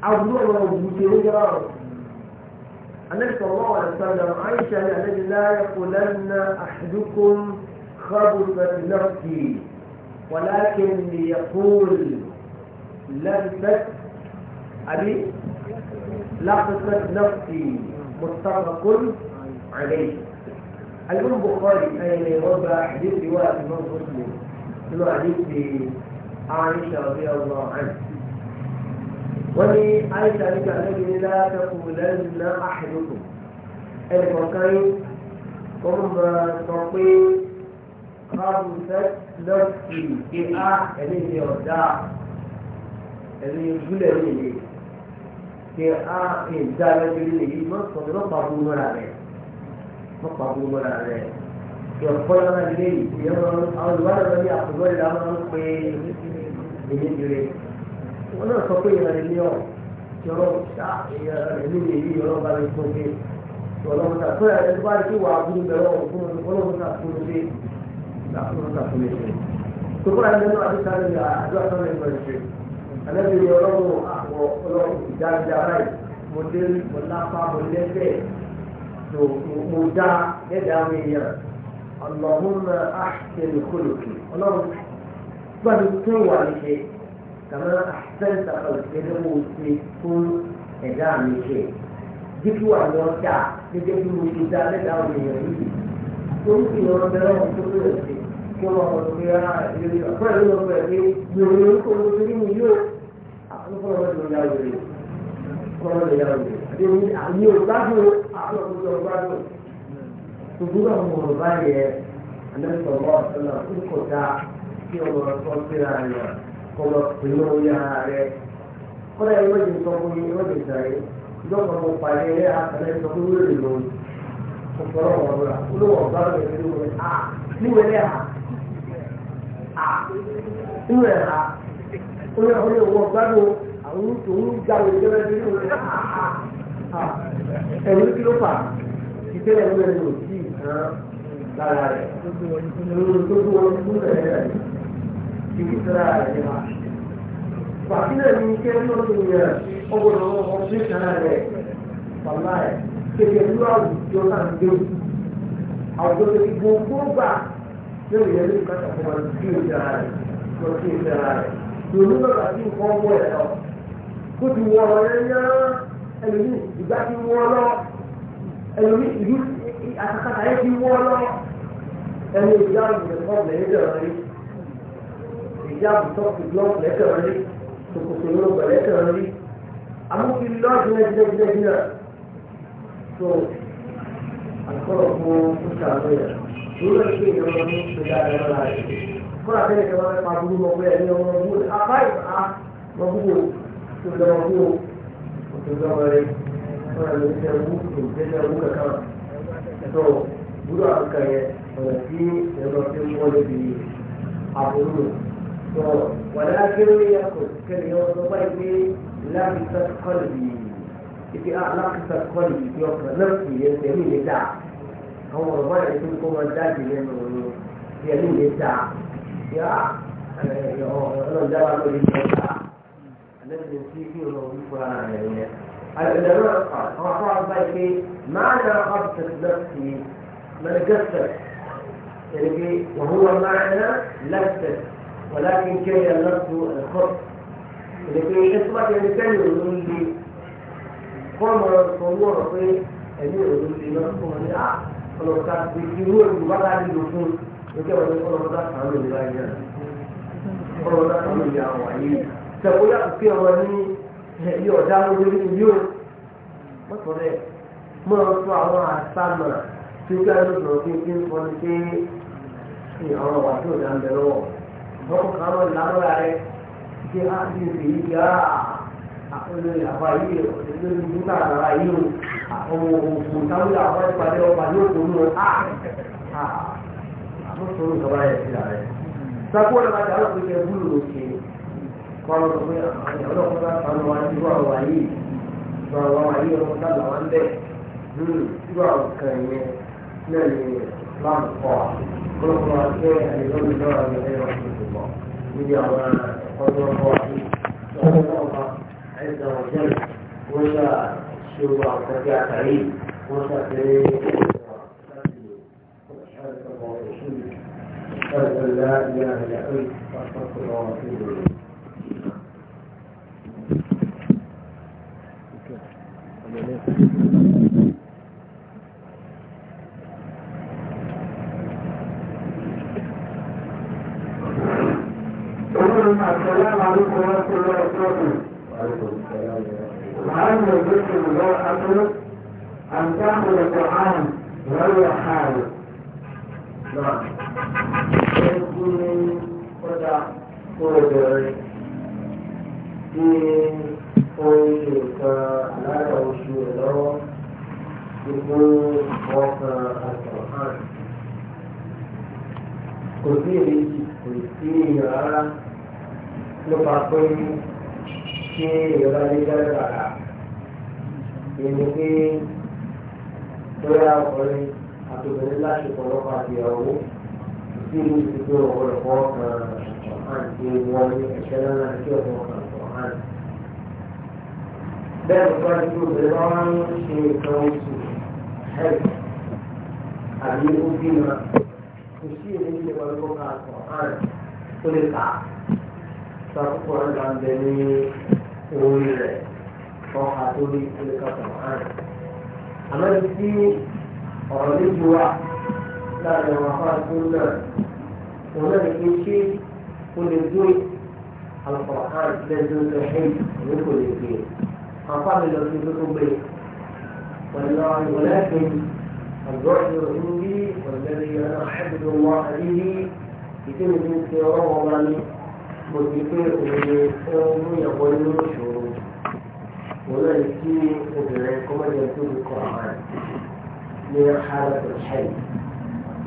عبدوه وجوده جرار النبي صلى الله عليه وسلم عائشة الذي لا يقولن أحدكم خبث نفسي ولكن ليقول لبست أبي لبست نفسي متفق عليه الإمام البخاري أي ربع حديث رواية الإمام مسلم إنه عائشة رضي الله عنها wọ́n ní àìsàn nígbà lẹ́bi ní láàkẹ́kù lẹ́nu ná àṣìlókù ẹnì kọ̀ọ̀kan yín kọ́ mọ̀ máa sọ pé káàbù sẹ́tìlọ́sì kí á ẹni ní ọ̀dà ẹni ìbúlẹ̀ ní ìlé kí á ìdá lẹ́bi ní ìlé mọ́ sọ̀rọ̀ lọ́pàá bú mọ́ra rẹ̀ lọ́pàá bú mọ́ra rẹ̀ kí ọ̀pọ̀ lọ́nà ilé yìí ìyẹn wọn àwọn olùwádìí wọn ní àkùrọ̀ ìlànà ń pè é ìdíjìrè wọn náà sọ pé ìyàrá ilé ọ̀ yọrọ ṣá ìyàrá ilé yìí yọrọ bá mi fún mi ọlọ́mọta tó yàrá ẹni bá rí kí wàá burú bẹ̀rẹ̀ ọ̀hún fún mi ọlọ́mọta fún mi ṣe ọlọ́mọta fún mi ṣe tó kọ́ra ẹni nínú àti sáré ní àdúrà sáré ní ìgbà ìṣe àlẹ́bí ni ọlọ́mọ àwọ̀ ọlọ́mọ ìdájà ráì mo dé mo lápá mo lẹ́sẹ̀ tó mo dá lẹ́dàá mi yàn ọlọ́mọ àṣẹ nìkọlùkì ọlọ́mọ gbàdúrà tó wà ní ṣe kàmá àfẹ́ǹsà ọ̀sẹ̀lẹ̀wò ṣe fún ẹ̀dá mi ṣe dípò àwọn ọjà gẹ́gẹ́ bí mo ṣe dá lẹ́dá òmìnira yìí tó ń fi wọn bẹ̀rẹ̀ wọn tó bẹ̀rẹ̀ sí kí wọn wọn fi ra ìrírí ọ̀pọ̀ ìlú wọn bẹ̀rẹ̀ pé yòòrò orúkọ wọn torí mi yóò àkókò wọn lọ ya òrè kọ́ wọn lọ ya òrè àdéhùn àmì ògbádùn àwọn ọmọdé ògbádùn ṣùgbọ́n àwọn ọmọ báyẹn àná kọlọ pẹ̀lú orí ara rẹ kọlọ yẹn wọ́n ti sọ fún mi wọ́n ti sàré ìjọba mo pàdé ẹ̀ àtàlẹ́ sọ fún wíwèrè lòun ọ̀pọ̀lọpọ̀ ọ̀rọ̀ olówó ọ̀gá rẹ̀ ló wẹ̀ á níwẹ̀ lẹ́ à á níwẹ̀ à olówó ọ̀gá rẹ̀ àwọn òun jáwé jẹ́rẹ́ bí ó rẹ̀ á ẹ̀rú kí ló fà ìtẹ́lẹ̀ ló rẹ̀ lò sí ìtàn lára rẹ̀ lórí tó tó wọn fún rẹ̀ rẹ̀ ìgbésẹ̀ra rẹ̀ wá. Bàtílẹ̀ ni kí ẹni ó ti yẹ ọgbọ̀n ọmọ ṣe ìṣẹ̀ra rẹ̀ pàlá ẹ̀ kéde ní àwùjọ náà ń gbé. Àwùjọ tó ti gbogbo gbà lórí ẹni ní kàtà fún wọn sí ìṣẹ̀ra rẹ̀ lọ sí ìṣẹ̀ra rẹ̀. Lòlú lọ́la ìgbà ti wọ lọ. Ẹni ìgbà ìgbà ìgbà ìgbà ìgbà Ya buscó su blog, le echó a su cocinero, le echó a Andy. Amo que lo hace, le echó a Andy. Yo, al coro, como un chavo, le echó a Andy. Tú lo que quiero, no me gusta, le echó a Andy. Por hacer que va a haber para un grupo, le echó a Andy. Ah, pai, ah, no pudo. Tú lo que va a haber, para el que se le gusta, le echó a Andy. Entonces, duro a buscar, le echó a Andy. Apolo. ولكن يأكل كلمة طيبة لمست قلبي في أعلى قصة قلبي في وقت نفسي يمين يدع هو ربع يكون كومانداتي لأنه يمين يدع يا أنا دابا أقول يدع الذي في فيه هو القرآن يعني العلماء قال هو معنى قصة نفسي ما يعني وهو معنى لفتت ولكن كره نفسه الخط لكي حكمة لكي يقول لي قوم صور في ẹni òun ti lọ fún ọ ní à ọlọ́ta ti fi irú ẹ̀rù bá dá nílò fún lókè wọn ní ọlọ́ta kan ló ń bá yẹn ọlọ́ta kan ló ń yà wà yìí ṣẹ̀kọ́ yàtọ̀ pé ọmọ ní ẹ̀yí ọ̀dá ló lórí ní yóò mọ́tò rẹ̀ mọ́ ọ fún àwọn àṣàmà tí ó kí ẹni lọ́sọ̀rọ̀ kí n fi ń fọ́ ni pé àwọn ọ̀wà tí ò dá ń bẹ lọ́wọ́ lọ́kọ̀ kan lọ lábọ́ra rẹ̀ ṣe á ti rí yá àpẹẹrẹ àbá yìí lórí nígbà àbára yìí o ọmọ òkú táwọn àbá ìpàdé ọba yóò kó lọ á àmúṣọ ìjọba yẹn sí ààrẹ. sákó lọ́ba tí alọ́ pé búlù ló kọ́ ọ́n lọ pé àwọn ọlọ́kùnrin bá sanu wa ní ìwà wà yìí ìwà wà wà yìí ọmọ sábà wà ń bẹ̀ ìwà kan yẹn náà قول الله الله عز وجل وشاء الشوبة وتبع وشاء سبحانك الله أن لا إله إلا أنت أستغفرك وأتوب إليك السنة أن تعمل القرآن غير حال لا. يكون قد قدر في قوله تعالى وشيء يكون وقع القرآن كثير كثير لبقي شيء غير ذلك ìyẹn ni pé lóyà ọkùnrin àtòbìnrin láṣepọ̀ lọ́kọ̀ àtìyàwó tí ìlú ti gbé ọ̀pọ̀lọpọ̀ kan àti wọn ní ẹ̀ṣẹ́ náà tí ọ̀pọ̀ kan pọ̀ hàn. bẹ́ẹ̀ nípa tí obìnrin bá wá ń ṣe nǹkan oṣù ẹ̀ẹ́d àbí ó bímọ kò sí èmi ní ìwà kan pọ̀ hàn ó lè kà á. sọ àkókò ń bẹ ní orí rẹ̀. kọ́ka lórí ìpínlẹ̀ kọ̀ọ̀kan. àmọ́ ní tí ọ̀rọ̀ méjì wà láàrin àwọn afárá tó náà òun náà ní kí n ṣe kó lè dúró alukọ̀ọ̀kan lẹ́dọ̀ lẹ́yìn òun kò lè gbé afárá lọ sí tó tó gbé pẹ̀lú ìwọlẹ́kìn البعد عندي والذي انا احب الله به يتم في رمضان مدبر ويقوم يقول شروع òun náà ní kí obìnrin kọ́mọ́dé tó lè kọ́ àwọn rẹ̀ ní ara tó ṣẹ́yìn.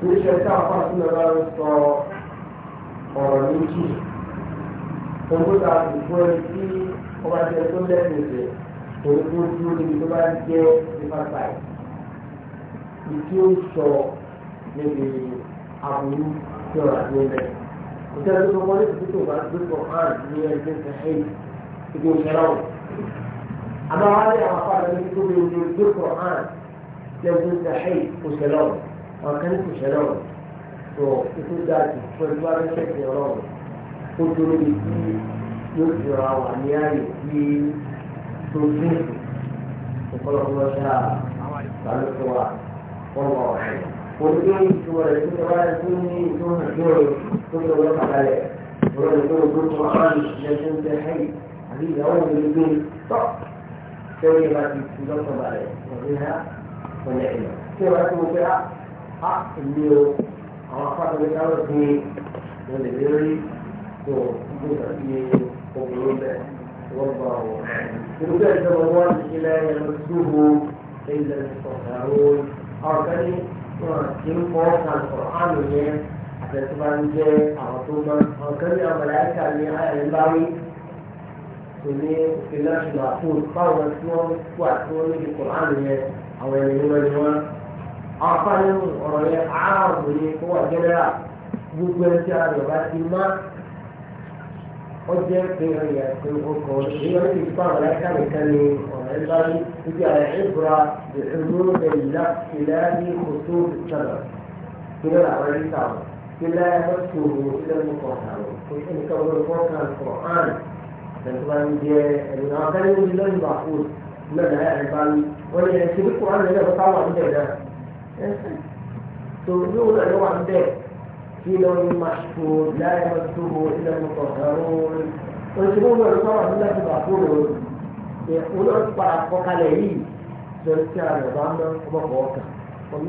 oríṣi ẹ̀ka àpáṣínà bá ń sọ ọ̀rọ̀ méjì owó ta àdúgbò rẹ̀ tí ọba jẹ tó lẹ́sìn rẹ̀ òun tó dúró níbi tó bá jẹ́ ìfàtà ìtí ó sọ níbi àbúrú tí ọ̀rọ̀ àti ọ̀rẹ́ kò tẹ́lẹ̀ tó kọ́ ní ìdíje tó bá gbé kọ́ hàn ní ẹgbẹ́ sẹ́yìn ìgbésẹ̀ náà. اما هذا اعطاه ان يكون القران لو كنت حي وسلام ما كنت سلام تو تقول ذاتي فلو هذا شيء يرام كنت لي يكثر على نياي في تنزيل وقال الله شاء قال القران قل الله احد قل اني سوى لكم ترى اني سوى لكم ترى كنت اقول لك عليه ولو كنت اقول لكم القران لو كنت حي حبيبي اول من يقول طب sẹ́yìn bá ti tu lọ́sọ̀ balẹ̀ ọ̀dún yá ọ̀nà ìlọ. Tí o bá ti mo pé á á ìlú o àwọn afáàlú káwọ̀ sí mo lè rí rí tó gbé lọ sí obìnrin bẹ́ẹ̀ wọ́n gba ọ̀wọ́. Ìlú bẹ́ẹ̀ ni ọmọ wọn ti ṣe ẹ̀rọ dúró ilẹ̀ ìfọ̀kàrọ̀ àwọn kan ní wọn kì í fọ́ kàǹtọ̀ àmì yẹn àtẹ̀tí jẹ́ àwọn tó mọ́ àwọn kan ní àwọn ní ìlà ìlà fún fáwọn tí wọ́n wà tí wọ́n níbi kùránì yẹn àwọn ènìyàn wọn ni wọ́n. afa nínú ọ̀rọ̀ yẹn aráàlú ni kó wà jẹ́nẹ́rà gbogbo ẹni tí a lè bá ti má ọjọ́ pé ẹ̀yà pé ó kọ́ ìyẹn ní ìfipá àwọn ẹ̀ka nìkan ni ọ̀rọ̀ ẹ̀ bá rí ibi àwọn ìbúra ìṣòro ìlà ìlà ní kòtó ìtàlá kílẹ̀ làwọn ẹ̀rí kà kílẹ̀ mọ́tò ìlẹ̀ mọ́kànlá kò sí nìkan ló ń kọ́ ẹni tó bá ń jẹ ẹni àwọn akẹ́lẹ́ níbi lọ́yìn bá fún un náà náà ẹni bá ń wọ́n ní ẹni ṣubú kúrò ní ẹ̀fọ́ táwọn ń bẹ̀ náà tó ní òun náà ló wà ń bẹ̀ kí lọ ní màṣù láyé wọn tó o ilẹ̀ mọ̀tọ̀ ẹ̀rọ oṣù mọ́mọ́ ẹ̀rọ táwọn ń lẹ́sìn bá fún un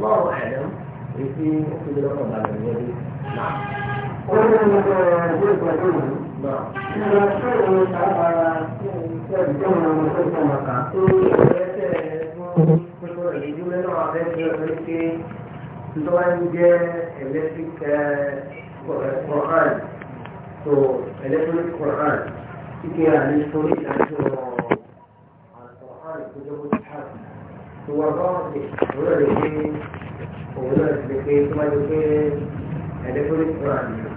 òun náà ti padà الیکٹرانک قرآن تو الیکٹرانک قرآن کی قرآن تو الیکٹرانک قرآن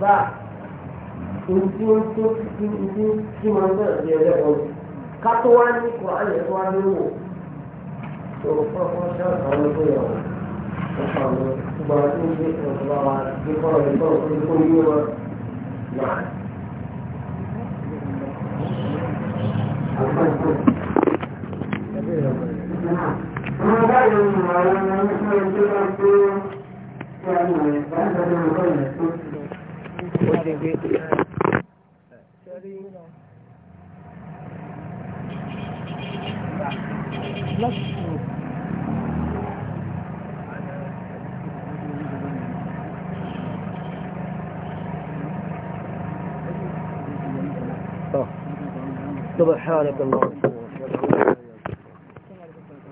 bá ojú ojú ojú tí wọ́n náà ní ẹlẹ́wọ̀n ni ká tó wá ní kó á lè tó wá ní wò tó fọ́fọ́ ṣáàtà wọn tó yẹ wọn ọ̀pọ̀ àwọn gbogbo àwọn tó ń gbé ọ̀pọ̀ àwọn àgbékọ́ rẹ̀ tó ń kó yé wọn náà. Thank you. ó ṣe gbé سبحانك اللهم